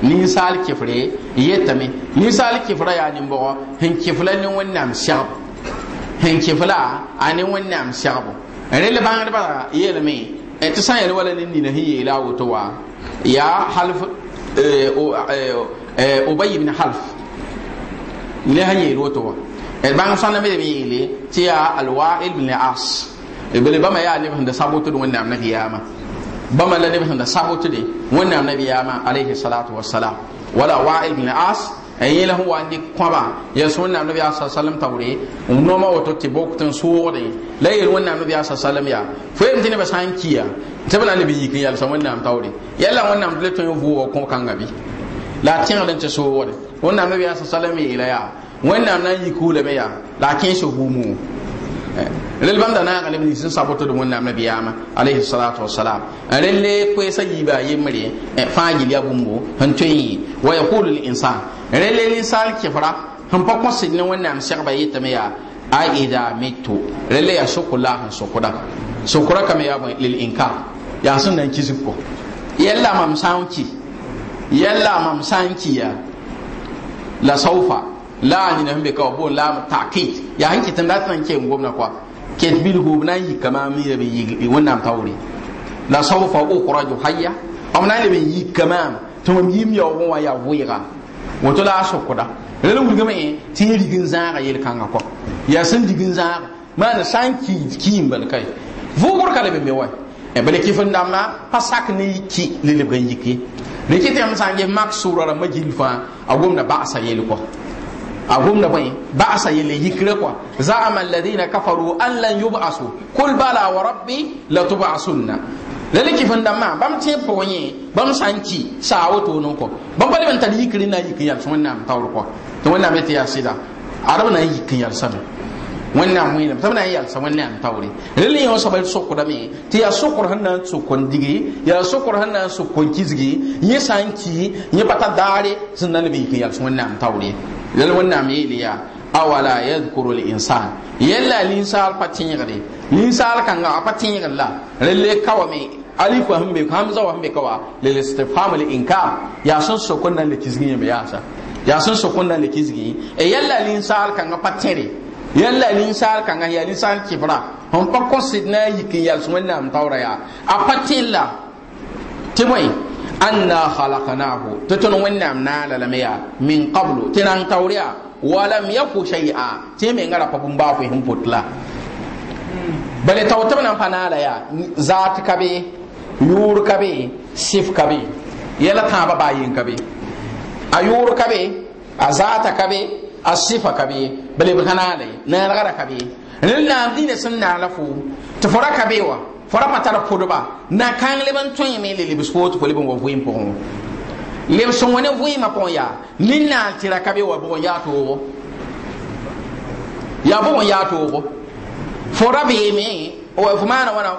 ninsal kifri yetame ninsal kifra ya ni mbo hin ne ni wannan shabu hin kifla ne wannan shabu rele bangar bara yelme e to san wala ni ni na hiye la woto wa ya half e, e, e, ubay ibn half le haye woto wa e bang san me mi yele ti ya alwa'il ibn as bele bama ya ni banda saboto wannan na kiyama bama la lebsẽn da sabot de wẽnnaam nabiyaamã alayhi salatu wasalam wala wa'il bin as n yẽla sẽn wa n dɩk kõba yels wẽnnaam nabiyaa sa salm taoore n nooma woto tɩ bokt n soogde la yeel wẽnnaam nabiyaa sa salm yaa foeem tɩ nebã sã n kia tɩ b na leb yik n yalsa wẽnnaam taoore yɛla wẽnnaam tɩ le tõe n vʋʋga kõb kãngã bɩ la a tẽgd n tɩ soogde wẽnnaam nabiyaa sa salm yeela yaa wẽnnaam na n yik wulame yaa la a kẽese vʋʋm rel eh. bãmb da naagã leb nins sẽn sa boto d wẽnnaam nabiyaamã alayhi salatu wasalam rel eh, le koɛɛsã yiibã yembre eh, fãa gil ya bũmbo sẽn tõe yẽ wa yaqulu linsan rel le ninsaan kẽfra sẽn pa kõsd ne wẽnnaam segba yetame yaa a ida mitu rel le yaa soko la sẽn sokda sokra kame yaa bõe lil inkar yaa sẽn na n kisg ko yɛlla mam sã n ki yɛlla mam sã n ki yaa la saufa la ni na mbe ka bon la takit ya hin kitan da san ke ngom na kwa ke bil hu na yi kama mi ya bi wannan tawri la sawfa ukhraju hayya amna le bi yi kama to mi yim ya won wa ya wuira wato la asokoda lele wulga me eh, ti rigin zaga yel kanga ko ya san digin zaga mana san ki kim bal kai vugor kala be me wai e bale ki fun damna pasak ne ki lele ban yiki ne ki tem sange mak surara majilfa agum na ba sa yel ko أقوم دبي بعث يلي يكرقوا زعم الذين كفروا أن لن يبعثوا قل بلى وربي لتبعثن lele ki fanda ma bam ti ponye bam ci sa woto non ko bam bale ban tali yikri na yikri yal so nam tawr ko to ya a rabu na yal wẽnnaam wẽenem tɩ b na n yalsa wẽnnaam taoore rel yõ soaba d sokdame tɩ yaa sokr sẽn na n sʋk n digi yaa sokr sẽn na n sʋk n kizgi yẽ sã n ki yẽ pa ta daare sẽn na leb yik n yals wẽnnaam taoore rel wẽnnaam yeele yaa awala yadkuru linsan yella linsaal pa tẽegre linsaal kãnga a pa tẽegr la rel le kawame alif wa hamza wa hambe kawa lil istifham al inkar ya sun sokon nan le kizgi yẽ be ya sun sokon nan le kizgi e yella linsaal kãnga pa tẽre yalla kan ga ya ninsaal kibra hon pa kosid na yikin yal nam tawra ya apatilla timoi anna khalaqnahu to ton wannam na lalamiya min qablu tinan tawriya walam yaku shay'a timi ngara pa bumba ko hin potla bale tawtam nan panala ya zat kabe yur kabe sif kabe yalla ta ba bayin kabe ayur kabe azata kabe asifa kabe bale b sãnaane neelgra ka be rẽnd naam dĩinã sẽn na la fo tɩ fo ra ka be wa fo ra pa tara pʋdba na-kãng leb n tõeme le lebs poo Ko fo leb n wa vɩɩm pʋgẽ wã leb sẽn wa ne vɩɩmã pʋgẽ yaa nin na n tɩ ra ka be wa bʋg n yaa toogo yaa bʋg n yaa toogo fo ra beeme fo na wãna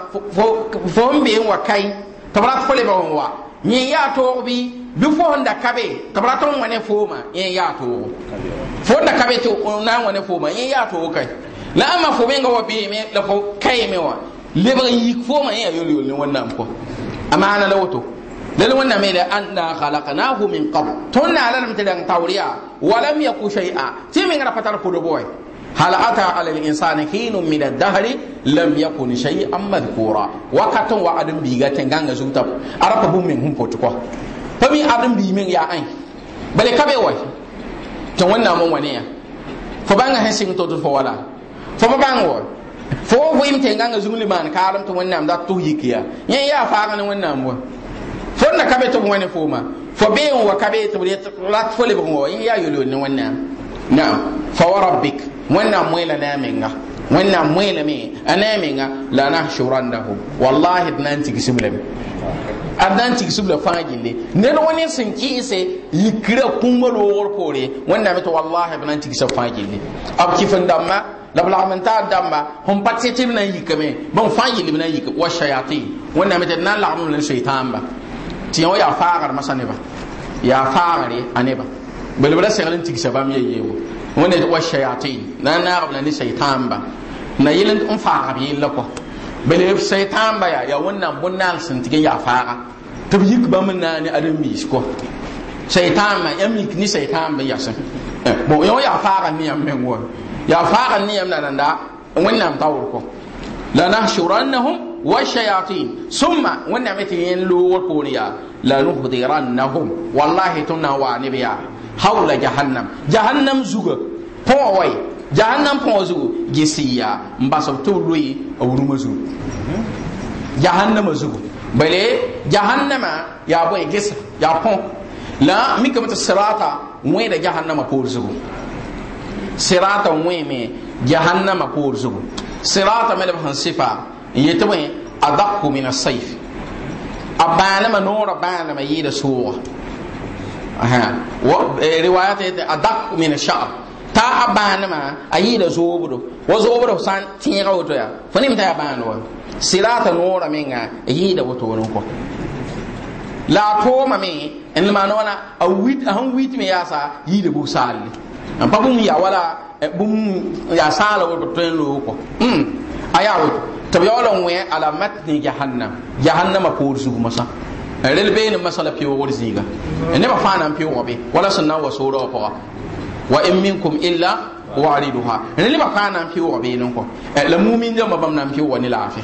fo n be n wa kae tɩ b rat fo lebg n wa yẽ ya toog bi. bi fonda kabe tabra ton wane foma yin ya to fonda kabe to na wane foma yin ya to kai la amma fo menga wa be me la fo kai me wa le ba yi foma yin yol yol ne wannan ko amma ana la dal wannan me da anna khalaqnahu min qabl ton na alam ta dan tawriya wa lam yaku shay'a ti min ra fatar ko do boy hal ata ala al insani hinun min ad dahri lam yakun shay'an madhkura wa katun wa adam biga ganga zunta arafa bum min hum ko pa mi abdin bi min ya ai bale kabe wai to wannan mun wani ya fo banga hen sing to to fo wala fo mo banga wo fo wo im te ga zumli man karam to wannan da to yikiya yan ya fa ga wannan mu fo na kabe to wani fo ma fo be wa kabe to le la fo le bo yi ya yulo ni wannan na fa wa rabbik wannan mu ila na ga wannan mu ila me ana lana la hu wallahi nan tikisiblem b na n la fãa gilli ned wa ne sẽn kɩɩse yikra kũmba loogr poore wẽnnaame tɩ wallahi b na n tigsa fãa gilli b kɩf n dãmba la b lagm n taab dãmba fõn pa tɩ b na n yikame bõn fãa gilli b na n yik wa shayatin wẽnnaame tɩ d na n lagm ne soɩtãamba tɩ yã yaa faagr masã neba yaa faagre a neba bal b ra segl n tigsa bãmb ya yeewo wẽnne wa shayatin na n naagb la ne soɩtãamba na yɩl n faagb yella kɔ bele f shaitan ba ya ya wannan bunnan sun tike ya fara to yik ba mun na ni adam mi ko shaitan ma yami ni shaitan ba ya san bo yo ya fara ni am men won ya fara ni am nan da wannan tawur ko la nahshurannahum wa shayatin summa wannan mate yin lowar koriya la nuhdirannahum wallahi tunna wa ni biya hawla jahannam jahannam zuga po wai jahannam po zuga gisiya mbasab tulwi awruma mazu jahannama zu bale jahannama ya boy gis ya pon la mikam ta sirata wẽeda jahannama poor zugu sirata wẽeme jahannama poor zugu sirata me leb sẽn sɩfa n yet bõe adaku min asayf a bãanema noora bãanema yɩɩda sooga riwayat yetɩ adaku min ashar t'a a bãanema a yɩɩda zoobdo wa zobro san tinga woto ya fani mta banu wa silata nora menga e yida woto wono ko la to mame en ma no na a wit a han wit me yi da bu sali an pa bum ya wala e, bum ya sala woto ten lo ko hmm aya wo to ya wala we ala matni jahannam jahannam ko zu masa e, rel be ne masala piwo wor ziga ne ba fana wo be wala sunna wa sura wa in minkum illa wariduha ne liba fa fi wa ko la mu'min da mabam fi wa ni lafi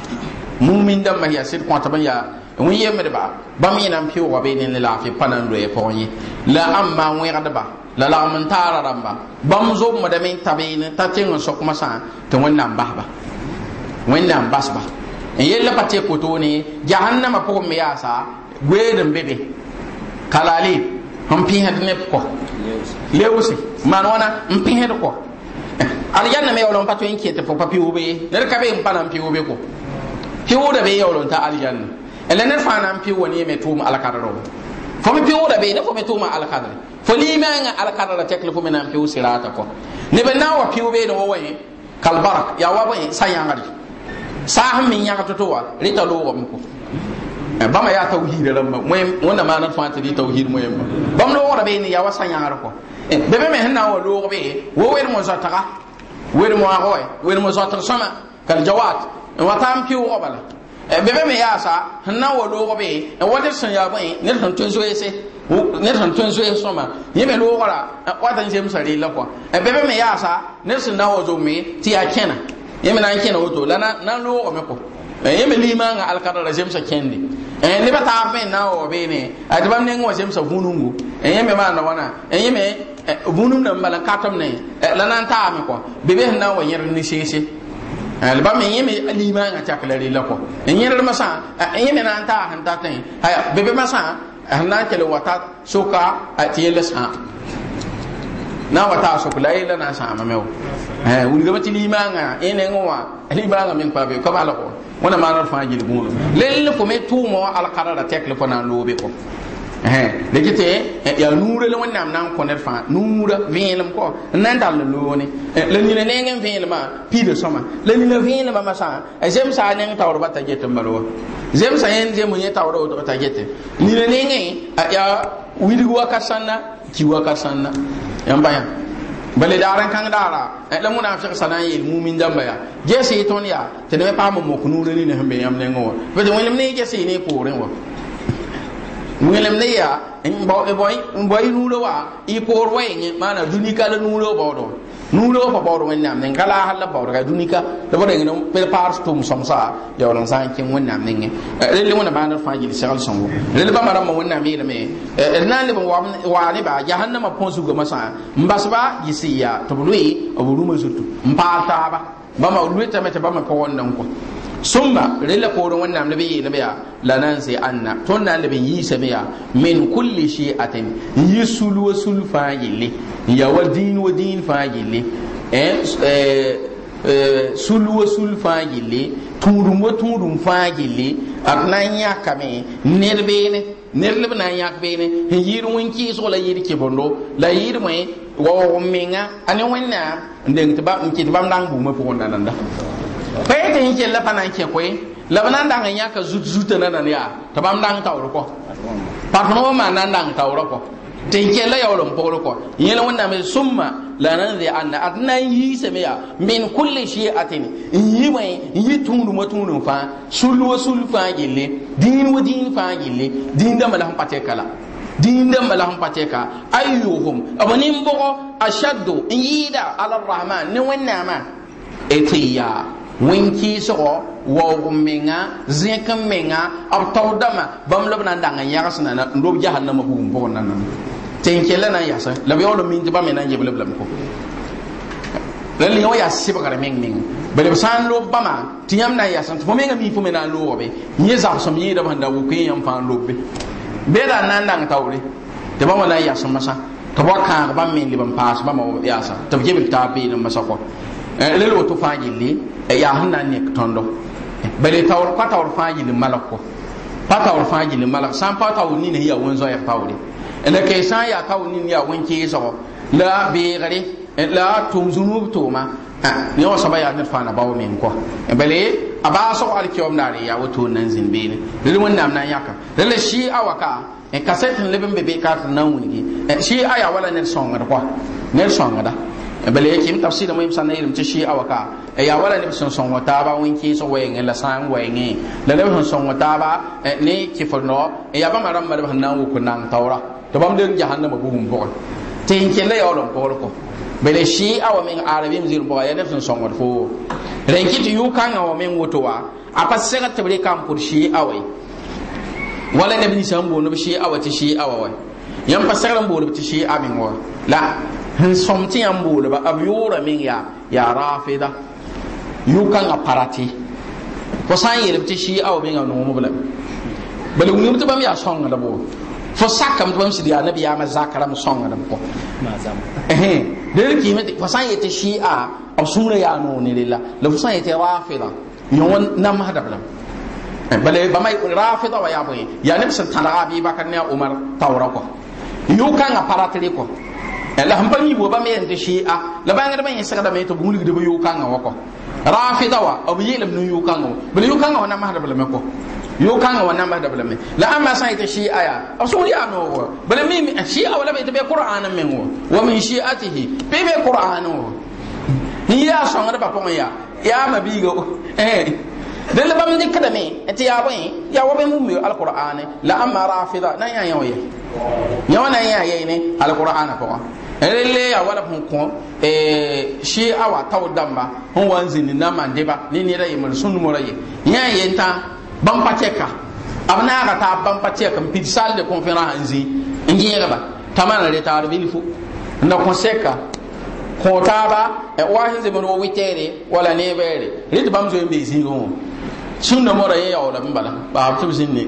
mu'min da ma ya sit ko ta ba bam yinan fi wa ni lafi panan do e la amma ba la lagm n taara rãmba bãmb zoomdame n t'a aljanna me yawlon pato en kete fo papi ube ner kabe en panan pi ube ko pi uda be yawlon ta aljanna ele ner fanan pi woni me tum alkadaro fo mi pi uda be ne fo me tum alkadare fo limanga alkadara tekle fo menan pi usirata ko ne be nawa pi ube no waye kalbarak ya wa baye sayangari wa min yaka totowa rita lowo ko eh, bama ya tawhid ramba moyem wanda ma na fanta di tawhid moyem bam no wora be ni ya wasan ya har ko eh, be be me hanna wo lo be wo wer mo zata wer mo agoy wer mo zotr sama kal jawat wa tam ki wo bala be be me yasa na e, wo do be wo de sun ya bo ne tan tun so yese ne tan tun so yese ma ye be lo gora e, wa tan jem sare la ko be be me yasa ne sun na wo zo me ti ya kena ye me na kena wo to la na na lo ko me ko Eh, yẽ me limaanga alkadra zemsa kẽnde eh, ne taab eh, me na n wa beene ad bam neng wa zemsa vũnungu yẽ me maanda wãna yẽ me vũnumda n bala n katm ne la na n taame kɔ be n na n wa yẽrd ne seese ba me yẽ me limaanga tak la rela kɔ n yẽrd masã yẽ me na n taas n tatẽ be masã sẽn na n kell n wa ta soka tɩ yella sã na eh, eh, eh, wa ta so kula ila na sa mamew eh wuri gaba tili manga ene ngwa ali banga min pa be ko bala ko wona ma nar faji bu lel ko me tu mo al qarara tek le fona lobe ko eh de kite ya nure le wonna nan ko ner fa nura velam ko nan dal lo ni le ni ne ngen velma pi de soma le ni le velma ma sa jem sa ngen tawro bata jetem balo jem sa en jem ni tawro ta jete ni le ngen ya wiri wa kasana ki waka sanna yan baya bale daran kan dara la munafiq sanan yel mu'min jamba ya jesi ton ya te ne pa mo kunu ni ne hambe yam ne ngowa be de wani ne sai ne ko wa welim ne ya en bo e boy boy nulo wa i ko ro yen mana dunika le nulo bodo nuuro fa baor wẽnnaam ning kala hal la baorga dũnika la ba rengd pel paar san sõmsa yaool n ne n kẽng wẽnnaam ningẽ rel wẽna maand d fãa gil segl sõngo rel bãmba rãmba wẽnnaam yeelame ne na n leb wa ne ba jahannamã ponsu zugame sã n basba yɩsɩ yaa tɩ b loe b rũmã ba n paal taaba bãmba loetame tɩ bãmba pa wẽnnaam kɔ summa rela poorẽ wẽnnaam leb yɩɩ neb yaa la na n anna tõnd na n leb n yiisame yaa min kulli shɩ'atin n yɩ sul wa sul fãa ya wa diin wa diin fãa yelle eh, eh, eh, sul wa sul fãa yelle tũudum wa tũudum fãa yelle d na n yãkame ned beene ned leb na n yãk beene n yɩɩd wẽn-kɩɩsg la yɩɩd kɩbendo la yɩɩd me waoog menga a ne wẽnnaam n deng tɩ n kɩt bãmb rãng buumã pʋgẽ pa yete yin kella pa nan ke koy la ban dan nya ka zut na nan ya ta bam dan tawro ko pa ko ma nan dan tawro ko tin kella ya wolon pogro ko la wanda me summa la nan de an adna yi se me ya min kulli shi'atin yi mai yi ma matundu fa sulu wa sulu fa gille din wa din fa gille din da malahan pate kala din da malahan pate ka ayyuhum abonin bogo ashaddu yida ala rahman ni wannan ma etiya wẽn-kɩɩsgɔ waoog menga zẽk n menga b tao dãma bãmb la b na n dang n yãgs na n lob jahannamã buum pʋgẽ nana tɩ n kell na n yãsẽ la b la min tɩ bãmb me na n yebl lame la lẽ wa yaa sɩbgr meng meng bala b sã n lob bãmba tɩ yãmb na n tɩ fo menga mi fo me na n loogbe yẽ zagsem yẽeda b sẽn da wʋk yẽ yãmb fãa n lobbe beeda n na n dang taoore tɩ bãmba la n masa, masã tɩ b wa kãag bãmb meng leb n paas bãmba yaasa tɩ b yeb taab beene masã kɔ rel woto fãa yelle yaa sẽn na n nek eh, tõndo bale taoor pa taoor fãa yill malg kɔ pa taoor fãa yill malg sã n pa taoor nin sẽn wẽn-zoɛɛg taoore la kee sã n yaa taoor nin yaa wẽn-keesgɔ la beegre la tʋʋm zũnuub tʋʋma ne wãsaba yaa ned fãa na bao meng kɔ bale a baasg alkiom daare yaa wotoor na n beene rel wẽnnaam na yãka rel sɩ a waka eh, kasɛt n leb n be be kaart n nan wilgi eh, sɩ a yaa wala ned sõngd kɔ ned sõngda bala yake in tafsir mai imsan ne ci shi awaka e eh, ya wala ne sun son wata ba won ki so waye la san waye eh. da ne sun son wata ba eh, ne ki forno e ya ba maram mar ban nan ku nan tawra to bam den jahannama bu hum bol te in ne ya olon bol ko bala shi awa min arabim zir bo ya ne sun son wata ko ren ki yu kan awa min wutuwa. a fasira tabre kam kur shi awai wala ne bin san bo no shi awati shi wai yan fasara bo ti shi amin wa la sẽn sõm tɩ yãmb boolba b yʋʋra meng yaa yaa raafɩda yʋ-kãngã parati fo sã n yelb tɩ shɩ ao mengã noomb la bala wingame tɩ bãmb yaa sõngdb wo fo sakame tɩ bãmb sɩd yaa nabiyaamã zak rãmb sõngdb kɔ dẽd kɩɩme tɩ fo sã n yetɩ shɩ a b sũurã yaa noog ne rela la fo sã n yetɩ raafɩda yõ wa namsdb la bala bãmb raafɩda wa yaa bõe yaa neb sẽn tãdga a bɩ bakr ne a omar taoora kɔ yʋ-kãngã parat re kɔ la sẽn pa yiibo bãmb yɛn tɩ shɩ'a la bãngdbã yẽ segdame tɩ b wilgdb yʋʋkãngã wã kɔ rafɩda wa b yeelm ne yʋʋkãngã wã bla yʋʋkãngã wã namasdb lame kɔ yʋʋkãngã wã namasdb lame la ãmbã sã yetɩ shɩ'a yaa b sʋgd yaa noog wa bala mim shɩ'a wa la me tɩ be qur'an meng wa wa min shɩ'atihi bɩ be wa n yaa sõngdbã pʋgẽ yaa yaama biiga dẽl bãmb dɩkdame tɩ yaa bõe yaa wa bẽ mum alqur'ane la ãmma rafɩda na yã yã wa ye yã wã na n yã yeene alqur'ana pʋgã rele ya wala pun ko e shi awa taw damba hon wanzi ni na mande ba ni ni rayi mun sun mo rayi ya yenta ban pateka abna ga taa ban pateka mpid sal de conférence hanzi ngi ba tamana le tar bin fu na konseka ko taba e wa hinze mun wo witere wala ne bere rit bam zo mbe zingo sun na mo rayi ya wala bala ba habtu zinni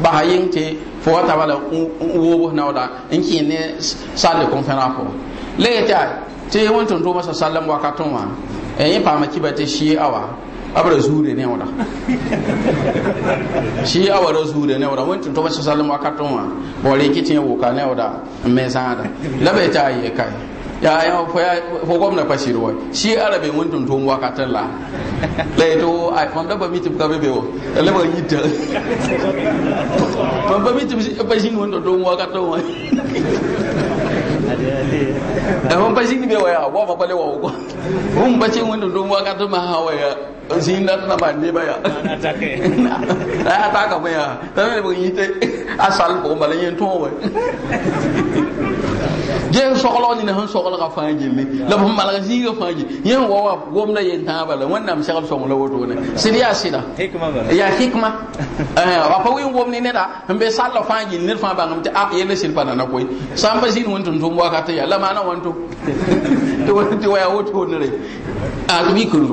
basa yɩng tɩ fo wa ta e bala n na naoda in ki ne salle kõn fãna pʋgẽ la yeta tɩ wẽn-tʋm-tʋʋmã sa sallam wakatẽ wã yẽ paama kiba tɩ sɩɩ a wa awa ra zuure ne wãda *laughs* shi a wa ra zuure ne wãda wẽn-tʋm-tʋʋmã sa sallam wakatẽ wã bao rɩk tɩ yẽ woka ne wãda n me zãada la ba yeta a yɩ ya ya fo gomna pa shirwa shi arabe mun tun to wa katalla lai to ai fam da miti ka bebe wo le ba yita fam ba miti pa shin mun to wa be wa ya wa ma wa ko mun ba mun to wa katalla ha wa ya ba ne ba ya na ta ka ya ta ne ba ko wa den soglo ni na han soglo ga fa jelle la bam malga zi ga fa ji yen wa wa gom na yen ta bala wannan shagal soglo la woto ne ya sida hikma ya hikma eh wa pa wi gom ni ne da mbe salla fa ji ne fa ba ngam ta ah, a yele sil pa na na koy sam ba zin won tun wa ka ta ya la mana won to to won to ya woto ne re a bi kun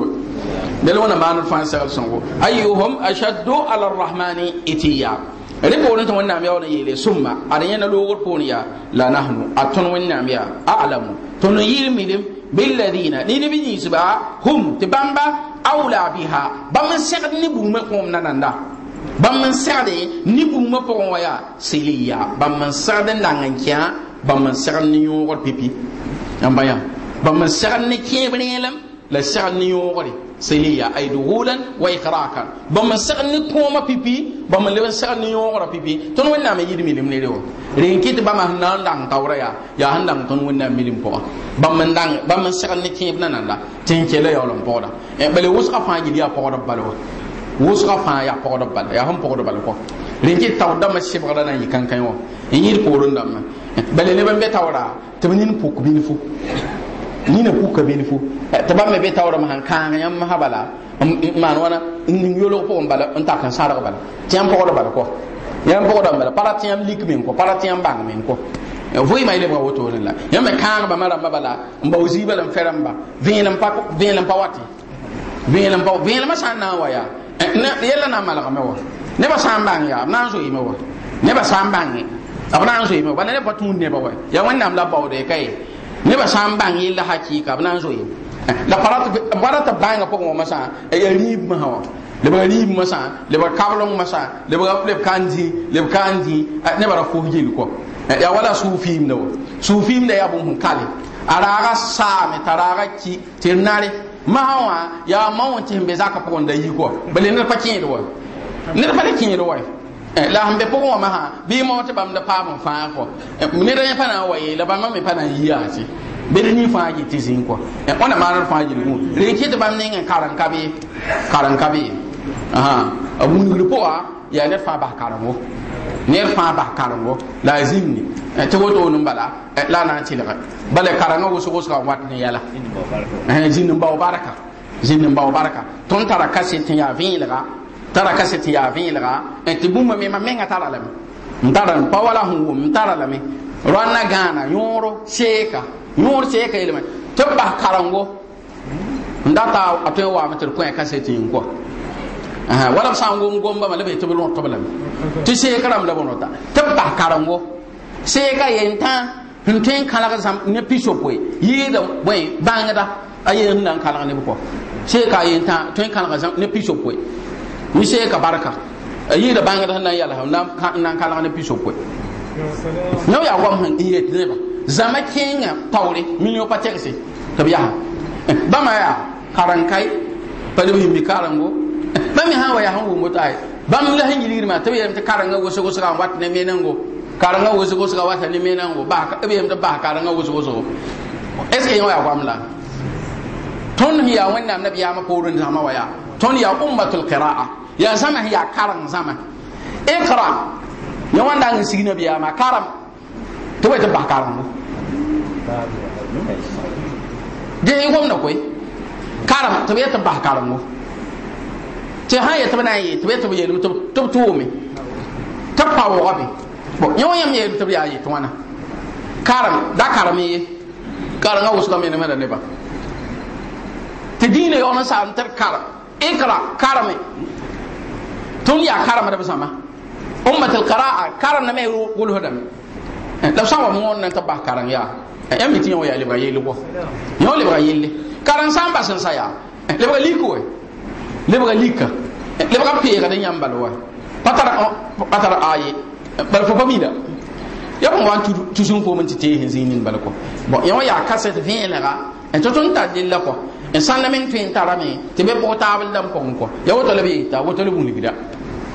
dal wana na fa sa songo ayyuhum ashaddu ala arrahmani itiya rẽ poorẽ tɩ wẽnnaam yaoor n yeele sũmba ad yẽna loogr poorẽ yaa la nahnu a tõnd wẽnnaam yaa alamu tõnd n yɩɩr milem billadina ne yĩisba hum tɩ bãmba aula biha bãmb n segd ne bũmba kõom nananda bãmb n segde ne bũmba pʋgẽ wã yaa seliya bãmb n segd n dãng n kẽa bãmb n segd ne yõogr pipi yãmba yã bãmb n segd ne kẽeb la segd ne yõogre siliya ay duhulan wa ikrakan bam sag ni ma pipi ba bam le sag ni yora pipi ton wonna me yidi milim ne rewo ba ma han dang tawra ya ya han dang ton wonna milim po bam man dang bam sag ni kin ibn nan da tin kele ya lon poda e bele wus afa gidi ya poda balo wus afa ya poda balo ya han poda balo ko renkit tawda ma shibgala nan yikan kan wo yir porun dam bele ne bam be tawra tabnin pokubin fu nina kuka bini fo tɩ bãmb me be bala bala bala bala para lik para eh, la me bala pa pa na wa eh, na me wa me wa ne pa tũud nebã wa yaa wẽnnaam la baoodɛ ka ne ba san ban yella hakɩɩka b ban zo ye la farata tɩ bãnga pʋgẽ wã masa e rɩɩb ma wã e, le a rɩɩb masa le a kableng masa le ka n kanji le kanji ne dĩ nebã ra fos yel kɔ ya wala suufiimda wa suufiimda yaa bũmb sẽn kale a raaga saame t'a raaga ki tinare d nare ya wã yaa be zaka pokon da yik wa bale ned pa kẽed wa ne pa le da wa Eh, la sẽn be pʋgẽ wãmã sã bɩ mao tɩ bãmb da paam n fãa kɔ eh, ned yẽ pa na n wa la bãmbã me pa na n yiyaase bɩ d nin fãa yɩ tɩ zĩn kɔ wãna eh, maan d fãa yirgũ rẽn kɩ tɩ bãmb ning n karen ka bɩ karen ka bɩ a wingr pʋga yaa ned fãa bas karengo ned fãa bas karengo la a zĩmni tɩ wotoon n bala la a na n tɩlge bala karengã wʋsg-wʋsga n wat ne yɛla zĩnd n bao barka zĩnd n bao barka tõnd tara ka sɩd tɩ yaa vẽelga E tara ka sẽn tɩ yaa vẽelga tɩ bũmba me mam menga tara lame n tara n pa wala sẽn wʋm n tara lame rana gãana yõoro seeka yõor seeka yelme tɩ b bas karengo n data a tõe n waame tɩ d kõ-a ka sẽn tɩ yĩn goa wala b sã n gom gombame la b tɩ b lõt b lame tɩ seeka rãmb la bõnota tɩ b bas karengo seeka yentã n tõe n kãlg zãmb ne pisopoe yɩɩda bõe bãngda a yeel sẽn na n kãlg neb kɔ seeka a yentã tõe n kãlg zãmb ne pisopoe ni sai ka barka yi da bayan sẽn nan n yals n na n kãlg ne pisopue ne yaa goam iya n ba zama zãma kẽengã taoore million pa tɛgse tɩ b yaa bãmba yaa karen-kai pa leb ba mi karengo bãmb me sã n wa yaa sẽn wʋmbo tɩ ay bãmb la sẽn yilgdmã tɩ b yeelm tɩ karengã wʋsg-wʋsga n wat ne menengo karengã wʋsg-wʋsga wata ne menengo b yeelm tɩ bas karengã wʋsg-wʋsgo est ce que yẽ wa yaa goam la tõnd sẽn yaa wẽnnaam nabiyaamã poorẽ zãma wa yaa tõnd yaa ummatul qira'a ya zãma ya kareng zãma ikra ya wãnnaag n sig nabiyaama karem tɩ wa tɩ bas karengo dẽ y gomda koy karem tɩ karam yetɩ bas karengo tɩ sã yetɩ b na n yɩ tɩ b yetɩ b yeelm tɩ b tʋʋme tɩ b pa wʋgabe yẽ wã yãmb yeelm tɩ b yaa yetɩ wãna karem da karem ye karengã wʋsga menema da neba tɩ dĩinã yaool n saan tɩ d karem ikra kareme tõnd yaa karemdb zãma ummat lqara'a karem na me eh, eh, eh, wʋlsdame oh, la b sã n wa mõon nan tɩ bas kareng yaa yãmb tɩ yã wa yaa lebga yelle kɔ yã wa lebga yelle kareng sã n bas n sa yaa lebga lik we lebga lika lebga peegd n yãmb bal wa pa tara aye bal fo pa mina ya bõn wa n tusum poom n tɩ teesẽ zĩig nin bal kɔ bõn yã wa yaa kaset vẽelga n tɩ tõnd tar della kɔ n sãnda me n tõe n tarame tɩ be pʋg taab l dãmb pʋgẽ kɔ ya woto la be yeeta woto la bũlgda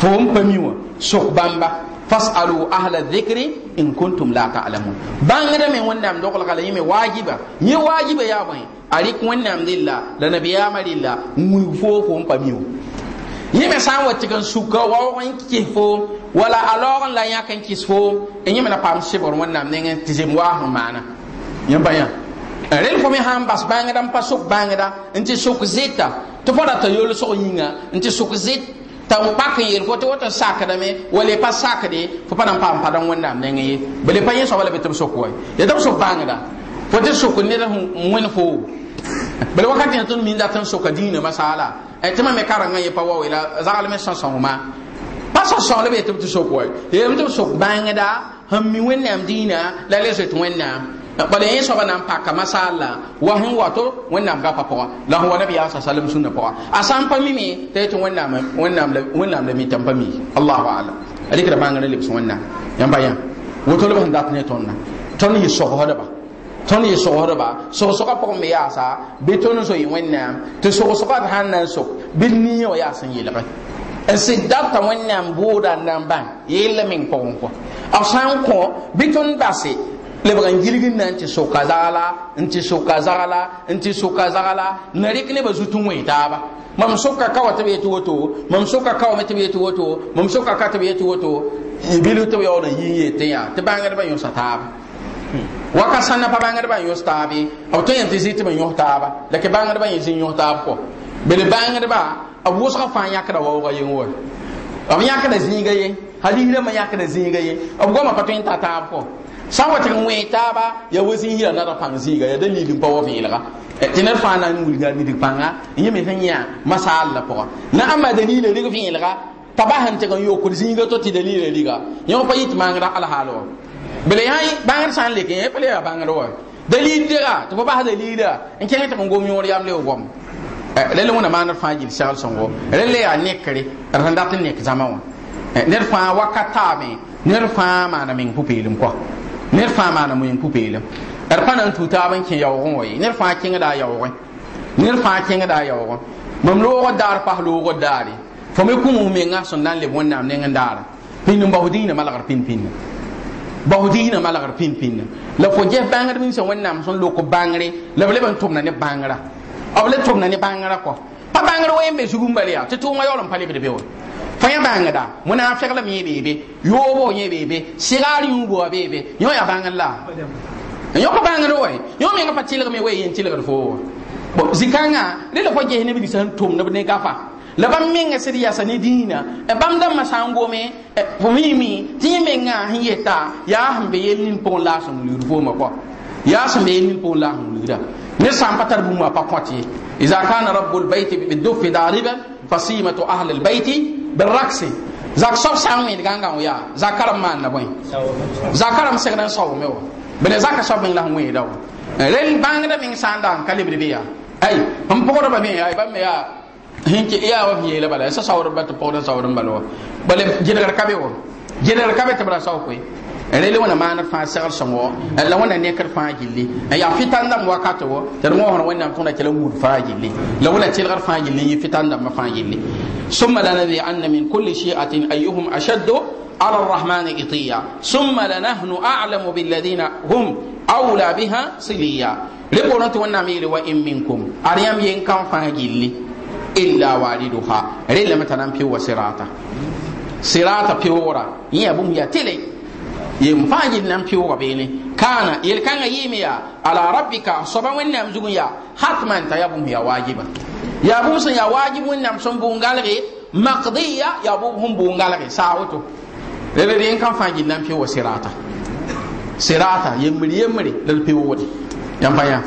fo n pa mi wã sõs bãmba fasalu ahla dhikri in kuntum la ta'lamun bangada me wonnam dokol kala yime wajiba ni wajiba ya bai ari wonnam dilla la nabiya marilla mu fo ko pa miwo yime san wati kan suka wa wa ki fo wala alor la ya kan ki fo en yime na pam sibor wonnam ne ngen tizim wa ha mana yamba ya rel fo mi han bas bangada pa sok bangada nti sok zeta to fora to yolo sok yinga nti sok zeta tan pak yel fo to woto sakda me wala pa sakde fo pa nan pam padan wonnam ne ngi bele pa yin so wala betum sokko ya dam so bangda fo te sokko ne da mun fo bele wakati na ton min da tan sokka dina masala e tema me karanga ye pa wawila zagal me san san ma pa san san le betum to sokko ye betum sok bangda hammi wonnam dina la le so to wonnam bala yẽ soaba nan n paka masaala wa sẽn wato wẽnnaam gapa pʋgã la a pa mime t'a mi ne n lebg n yilgd na n tɩ soka zagla n tɩ soka zagla n tɩ soka zagla na rɩk nebã zutu wẽ taaba mam so ka wa tɩ b yetɩ woto mam so ka wame tɩ b yetɩ woto mam so ka tɩ b yetɩ woto bilf tɩ b yaoodã yĩn yeetẽ yã tɩ ba yõsa taaba waka sãnna pa bãngdbã n yõs taabe b tõe yãm tɩ zĩ tɩ b yõs taaba la kɩ bãngdbã yẽ zĩ yõs taab kɔ bel bãngdbã wo wʋsga fãa yãkda waooga yen wa da zin ga ye ka da zin ga ye b ma pa to yin ta ta ko San n wa tɩg n taaba ya wes n yɩra nara pãng zɩɩga ya dalilin pa wa vẽelga eh, tɩ ned fãa na n wilga nidg pãnga n yẽ me sẽn yã masaal la pʋga na n maa dalila rɩg vẽelga ba sẽn tɩg n yokd zĩiga to tɩ dalila rɩga yẽ wa pa yɩ tɩ maangra alhaal wa bla yã bãngd sã leke yẽ pa le yaa bãngd wa dalil dega tɩ pa bas dalila n kẽng tɩg n gom yõor yam leo gom eh, rel wẽna maan d fãa gil segl sõngo rel le yaa nekre d nek zãma wã eh, ned fãa wakat taame ned fãa maana meng ned fãa maana moyen pupeelem er d pa na n tu taab n kẽ yaoogẽ wã ye ned fãa kẽngda a yaoogẽ ned fãa kẽngda a yaoogẽ mam loogd daar pas loogd daare fo me kũmf menga sẽn na n leb wẽnnaam neng n daara pĩnd n baoodiinã malgr pĩn-pĩnnã baoodiinã malgr pin pin, la fo ges bãngd ninsã wẽnnaam sẽn lok bãngre la b leb n tʋmna ne bangara, b le tʋmna ne bangara ko, pa bangara wẽn be zugum bal yaa tɩ tʋʋmã yaool n pa be wa fo ya bangada muna fegla mi bebe yobo ye bebe sigari yubo bebe yo ya bangala yo ko bangalo we yo me ga patil we yin tilgar fo bo zikanga la fo je ne bi san tum ne ne gafa la bam me ga siri ya sani dina e bam dam ma sango me e, fo mi mi ti nga hiyeta ya hambe yelin pon la sun luru fo ma ko ya sun be yelin pon la sun luru ne san patar bu ma pa kwati iza kana rabbul baiti bi dufi fasimatu ahli albayti bil raqsi zak sob san wen ganga ya zakaram man na boy zakaram se ran sawo mewo bele zakka sob min la wen dawo ren bang da min sanda kalibri biya ai hum pokoro ba me ai ba me ya hinki iya wa hiye la bala sa sawr ba to pokoro sawr balo bale jidar kabe wo jidar kabe tabra saw koy rẽl wẽna maaned fãa segl sõngo la wẽna nekd fãa gilli n yaa fɩtãndãmb wakate wo tɩ d moosr wẽnnaam tʋgda kell n wud fãa gilli la wẽna tɩlgr fãa gilli yẽ fɩtãndãmbã fãa gilli ثم لنذيعن من كل شيعة أيهم أشد على الرحمن إطيا ثم لنحن أعلم بالذين هم أولى بها صليا لبورنت ونعمير وإن منكم أريم ينكم فهجلي إلا والدها ريلا متنام بيو وسراتا سراتا بيورا يا بوم يا تلي yem fãa yɩl nan pɩʋgã beene kaana yel-kãngã yɩɩme yaa ala rabbika soaba wẽnnaam zugẽ yaa hatman t'a ya bũmb yaa waajiba yaa bũmb sẽn yaa waajib wẽnnaam sẽn bʋʋn-galge makdiya yaa bũmb sẽn bʋʋn-galge saa woto rẽd rẽ kãn fãa yɩl nan pɩʋga sɩraata sɩraata yembr yembre la d pɩʋʋgde yãmb pa yã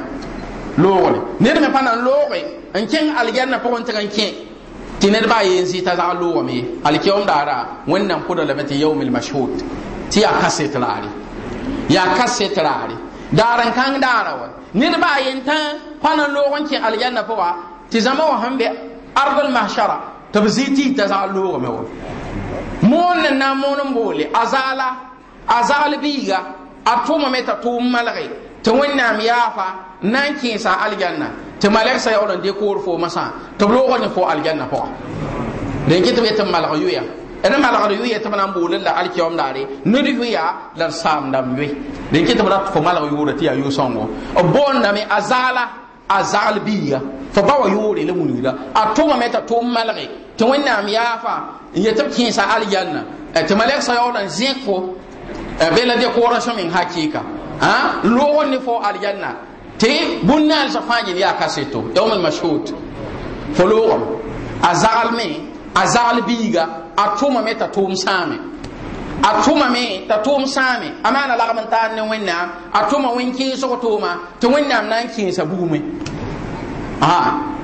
loogre ned me pa na n looge n kẽng algɛnnã pʋgẽ tɩg n kẽ tɩ ned baa yen zɩ t'a zag loogame ye alkɛoom daara wẽnnaam pʋda lame tɩ yaumil mashhud ti ya ka set ya yaa ka set raare daar n kãng daara wa ned a yentã pa na loog ti kẽ aljanna wa tɩ zãma wã sẽn be ardl mahsara t'a za loogame wa moon n na n moon azala azal biga zaala a zagl biiga a tʋmame t'a tʋʋm malge tɩ wẽnnaam yaafa n na n kẽesa aljanna tɩ malɛgsa yaool n dɩk ko foomã sã tɩ b fo aljanna pʋga wa, kɩ tɩ b yetɩ ẽd malgd yʋ yetɩ b na n boole la alkiom daare ned yʋ yaa la d saamdam yoe dẽn kɩ tɩ b rat fo malg yʋʋra tɩ yaa yʋʋ-sõngo b boondame a zaala a zagl biiga fo ba wa yʋʋre la wilgda a tʋʋmame t'a tʋʋm malge tɩ wẽnnaam yaafa n yetɩ b kẽesa aljanna tɩ malɛgsã yaoodã n zẽk fo bela décoration meng hakɩɩka n loogr ne fo aljanna tɩ bũn-naalsã fãa gel yaa ka seto yaum lmashhud fo loogame a zaglme a zagl biiga a tʋma me t'a tʋʋm sãame a tʋma me t'a tʋʋm sãame a maana lagm n taar ne wẽnnaam a tʋma wẽn-kẽesg tʋʋma tɩ wẽnnaam na n kẽesa bugume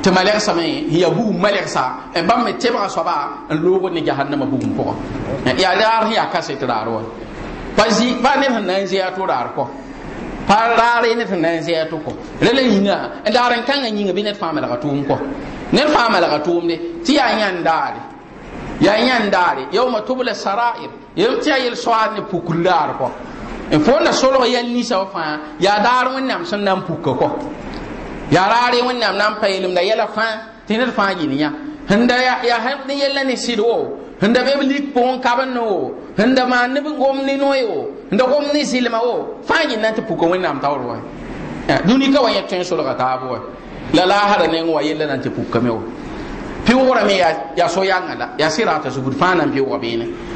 tɩ malgsame n ya bugum malgsa n e bãmb me tebga soaba n loogd ne jahannama bugum pʋgã e, yaa raar sẽn yaa ka setɩ raar wa pa neb sẽn na n zɩa tʋ raar kɔ pa raare ne tɩn na n zɛɛ tɩ kɔ rala yĩnga n daar n kãngã yĩnga bɩ ned fãa malga tʋʋm kɔ ned fãa malga tʋʋmde tɩ yaa yãn daare yaa yãn daare yaoma tʋbla sarair tɩ yaa yel soaad ne pukr daar kɔ n foonna solg yɛl ninsã wã fãa yaa daar wẽnnaam sẽn na n pukka kɔ yaa raare wẽnnaam na n pa yelemda yɛla fãa tɩ ned fãa yɩn yã sẽnda yaa sẽd yɛlla ne sɩd wo sẽnda beb lik pʋgẽ kabẽnne wo sẽnda maan neb gomne noe wo nda kom ne silma wo fa yin nan ta puko wẽnnaam taoor wa dũni ka wa yẽ tõe n solga taab la laasara neng wa yella nan tɩ pukame wa pɩʋgra me ya so yãnga la ya sɩrata zubud wa nan pɩʋga mo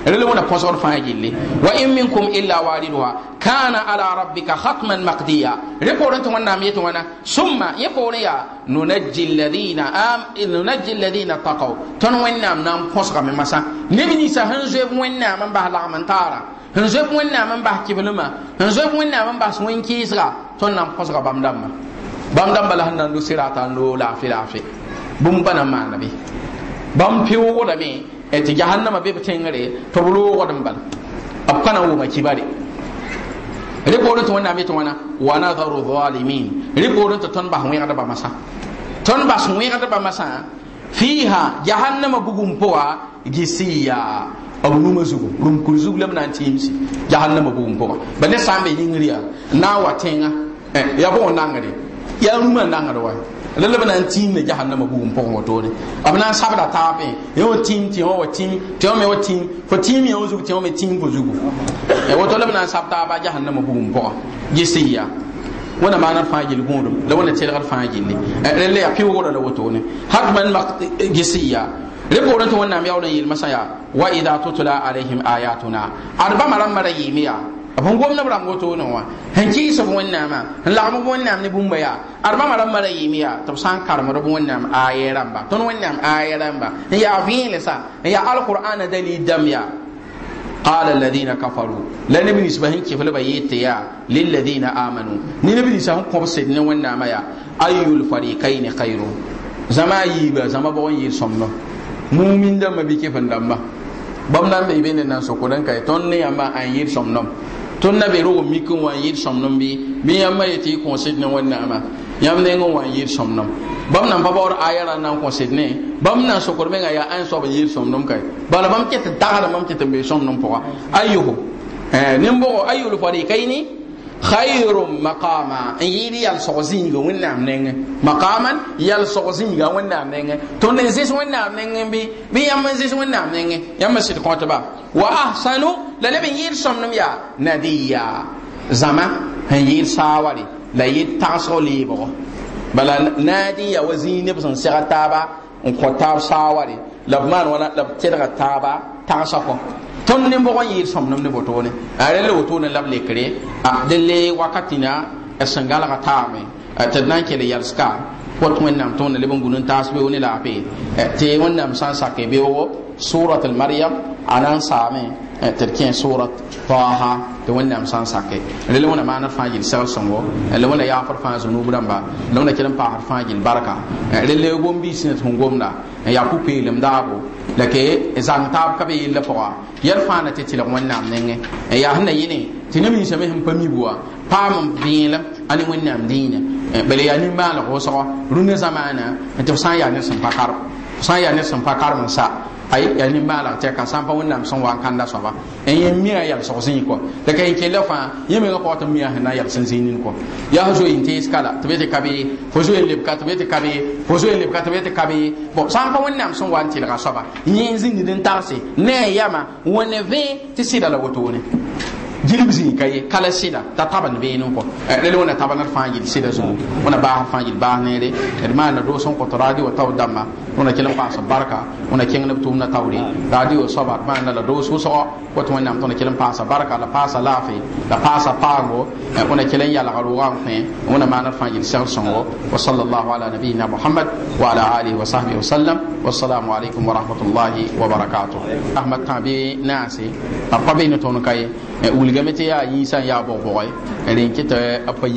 na wẽna põsgd fãa gilli wa in minkum illa waliduha kana ala rabbika khatman makdiya rẽ poorẽ tɩ wẽnnaam yetɩ wãna summa yẽ poorẽ yaa nunajji alladina taqaw tõnd wẽnnaam na n põsgame masã neb ninsã sẽn zoeb wẽnnaam n bas la n n zob wẽnnaam n bas kiblmã n zob wẽnnaam n bas wẽn-kɩɩsga tõnd na n kõsga bãmb dãmbã bãmb dãmbã la sẽn na n do sɩrata n loog laafɩ laafɩ bũmb pa na n maana be bãmb pɩʋʋgdame tɩ jahannamã be b tẽngre tɩ b loogd n bala b pa na n wʋma kibare rɩpoorẽ tɩ wẽnnaam yetɩ wãna wa nadaru zalimin rɩpoorẽ tɩ tõnd bas wẽgdbã masã tõnd bas wẽgdbã masã fiiha jahannamã bugum pʋga gisiya b numa zugu rũm kurzug la b na eh, n tɩɩmsi jahannama buum pʋgã ba ne sã n be yĩngr yaa na n wa tẽngã ya bõo nangre yaa rũmã nangr wa la la b na n tĩim ne jahannama buum pʋgẽ wotore b na n sabda taapẽ yẽ wa tĩim tɩ wã wa tĩim tɩ wã me wa tĩim fo tĩim yẽ wã zugu tɩ wã me tĩim fo zugu woto la b na n sab taaba jahannama buum pʋgã ges n yaa wẽna maana d fãa gill gũudum la wẽna tɩlgd fãa gilli rẽ eh, la yaa pɩʋgrã la wotone hat man mak ges eh, n yaa le boren to a yawon yil masaya wa idha tutla alaihim ayatuna arba maram mara yimiya abun gwamna bram goto no wa hanki isa wannan ma la mu wannan ne bumba ya arba maram mara yimiya to san karma rabu wannan ayaran ba ton wannan ayaran ba ya fi lisa ya damya قال الذين كفروا لا نبي نسبهن كيف لبيت يا للذين آمنوا نبي نسبهن قب سيدنا ونعم يا أي الفريقين خير زما يبا زما بوين يسمنا mumin da mabi ke dãmba ba bam nan be ibene nan na kodan kai ton ne amma a yi yɩɩd sõmdem tõnd na be ro mi n wa n yɩɩd sõmdem bi bɩ yãmbã yetɩ y kõsd ne wẽnnaamã yãmb neng n wa n yɩɩd bam nan na or ayara nan ko sid ne na nan so ne bãmb na n sõkd mengã yaa ãn soab n yɩɩd sõmdem kae bala bãmb ket dagda bãmb ket n be sõmdem pʋga ayʋho ne n bõgo ayʋl khairum maqama n yɩɩd yal sog zĩiga wẽnnaam nengẽ maqaman yal sog zĩiga wẽnnaam nengẽ tõnd n zĩs wẽnnaam nengẽ bɩ bi yãmb n zĩs wẽnnaam nengẽ yãmb n sɩd kõtba wa ahsanu la leb n somnum ya? yaa nadiya zãma n yɩɩd saaware la yɩ tagsg leebgo bala naadiya wa zĩig neb sẽn sɛga taaba n kõ taab saaware la b maan wãna la b tẽdga taaba tagsa kõ tõnd ne mogn yɩɩr sõmdem ne wotone a rel wotone e la lekre dẽ le wakatina d sẽn galga taame tɩ d na n kell yalska wat wẽnnaam tõnd leb n gũn n taas beoone la tɩ wẽnnaam sã n sake beoogo surat a na n saame tɩ d kẽ sʋʋra taaha tɩ wẽnnaam sã n sake rel wẽna maana d fãa yel sɛgsẽngo la wẽna yaafr fãa zunuub rãmba la wẽna kell n paasd fãa yel barka rel gom-biisẽ tɩ fõn gomda n yaa pʋ-peelem daago la ke zãng taab ka be yella pʋga yɛl fãa na tɩ tɩlg wẽnnaam nengẽ n yaa sẽn na yɩne tɩ ne minsã sẽn pa mib wa paam n vẽelem a wẽnnaam dĩinã bala yaa nin-maalg wʋsgɔ rũnã zamaana tɩ f sã n yaa ned sẽn pa karem f sã n yaa ned sẽn pa karem n sa ay ya ni mala te ka san pa wonnam son wan kanda so ba en yen miya yal so sin ko de kay ke lefa yemi ko to miya na yal sin sin ko ya zo in te skala to be te kabe ko zo en le ka to be te kabe fo zo en le to be te kabe bon san pa wonnam son wan ti ga so ba yen zin din tarse ne yama wonne ve ti sida la woto jilim zĩig ka ye kala sɩda t'a tabn beenẽ kɔ rel wẽna tabnr fãa yel sɩda zugu wẽna baasd fãa yel baas neere d maana doo sẽn kõt radio tao dãmba wẽna kell n paas barka wẽna kẽng neb tʋʋmdã taoore radio soaba d maana la doo sʋsgɔ wat wẽnnaam tɩ wẽna kell n paasa barka la paasa laafɩ la paasa paango wẽna kell n yalga rʋga n kõ wẽna maana d fãa yel segd sõngo wa sal llah ala nabiyina mohamad wa ala alihi wa sahbihi wasallam wassalamu aleykum wa rahmatullahi wa barakatuh ahmad tãa bɩ naase la pa bee ne tõnd ka ye ligame ya yi yĩnsã n yaa bõg-bõge n a pa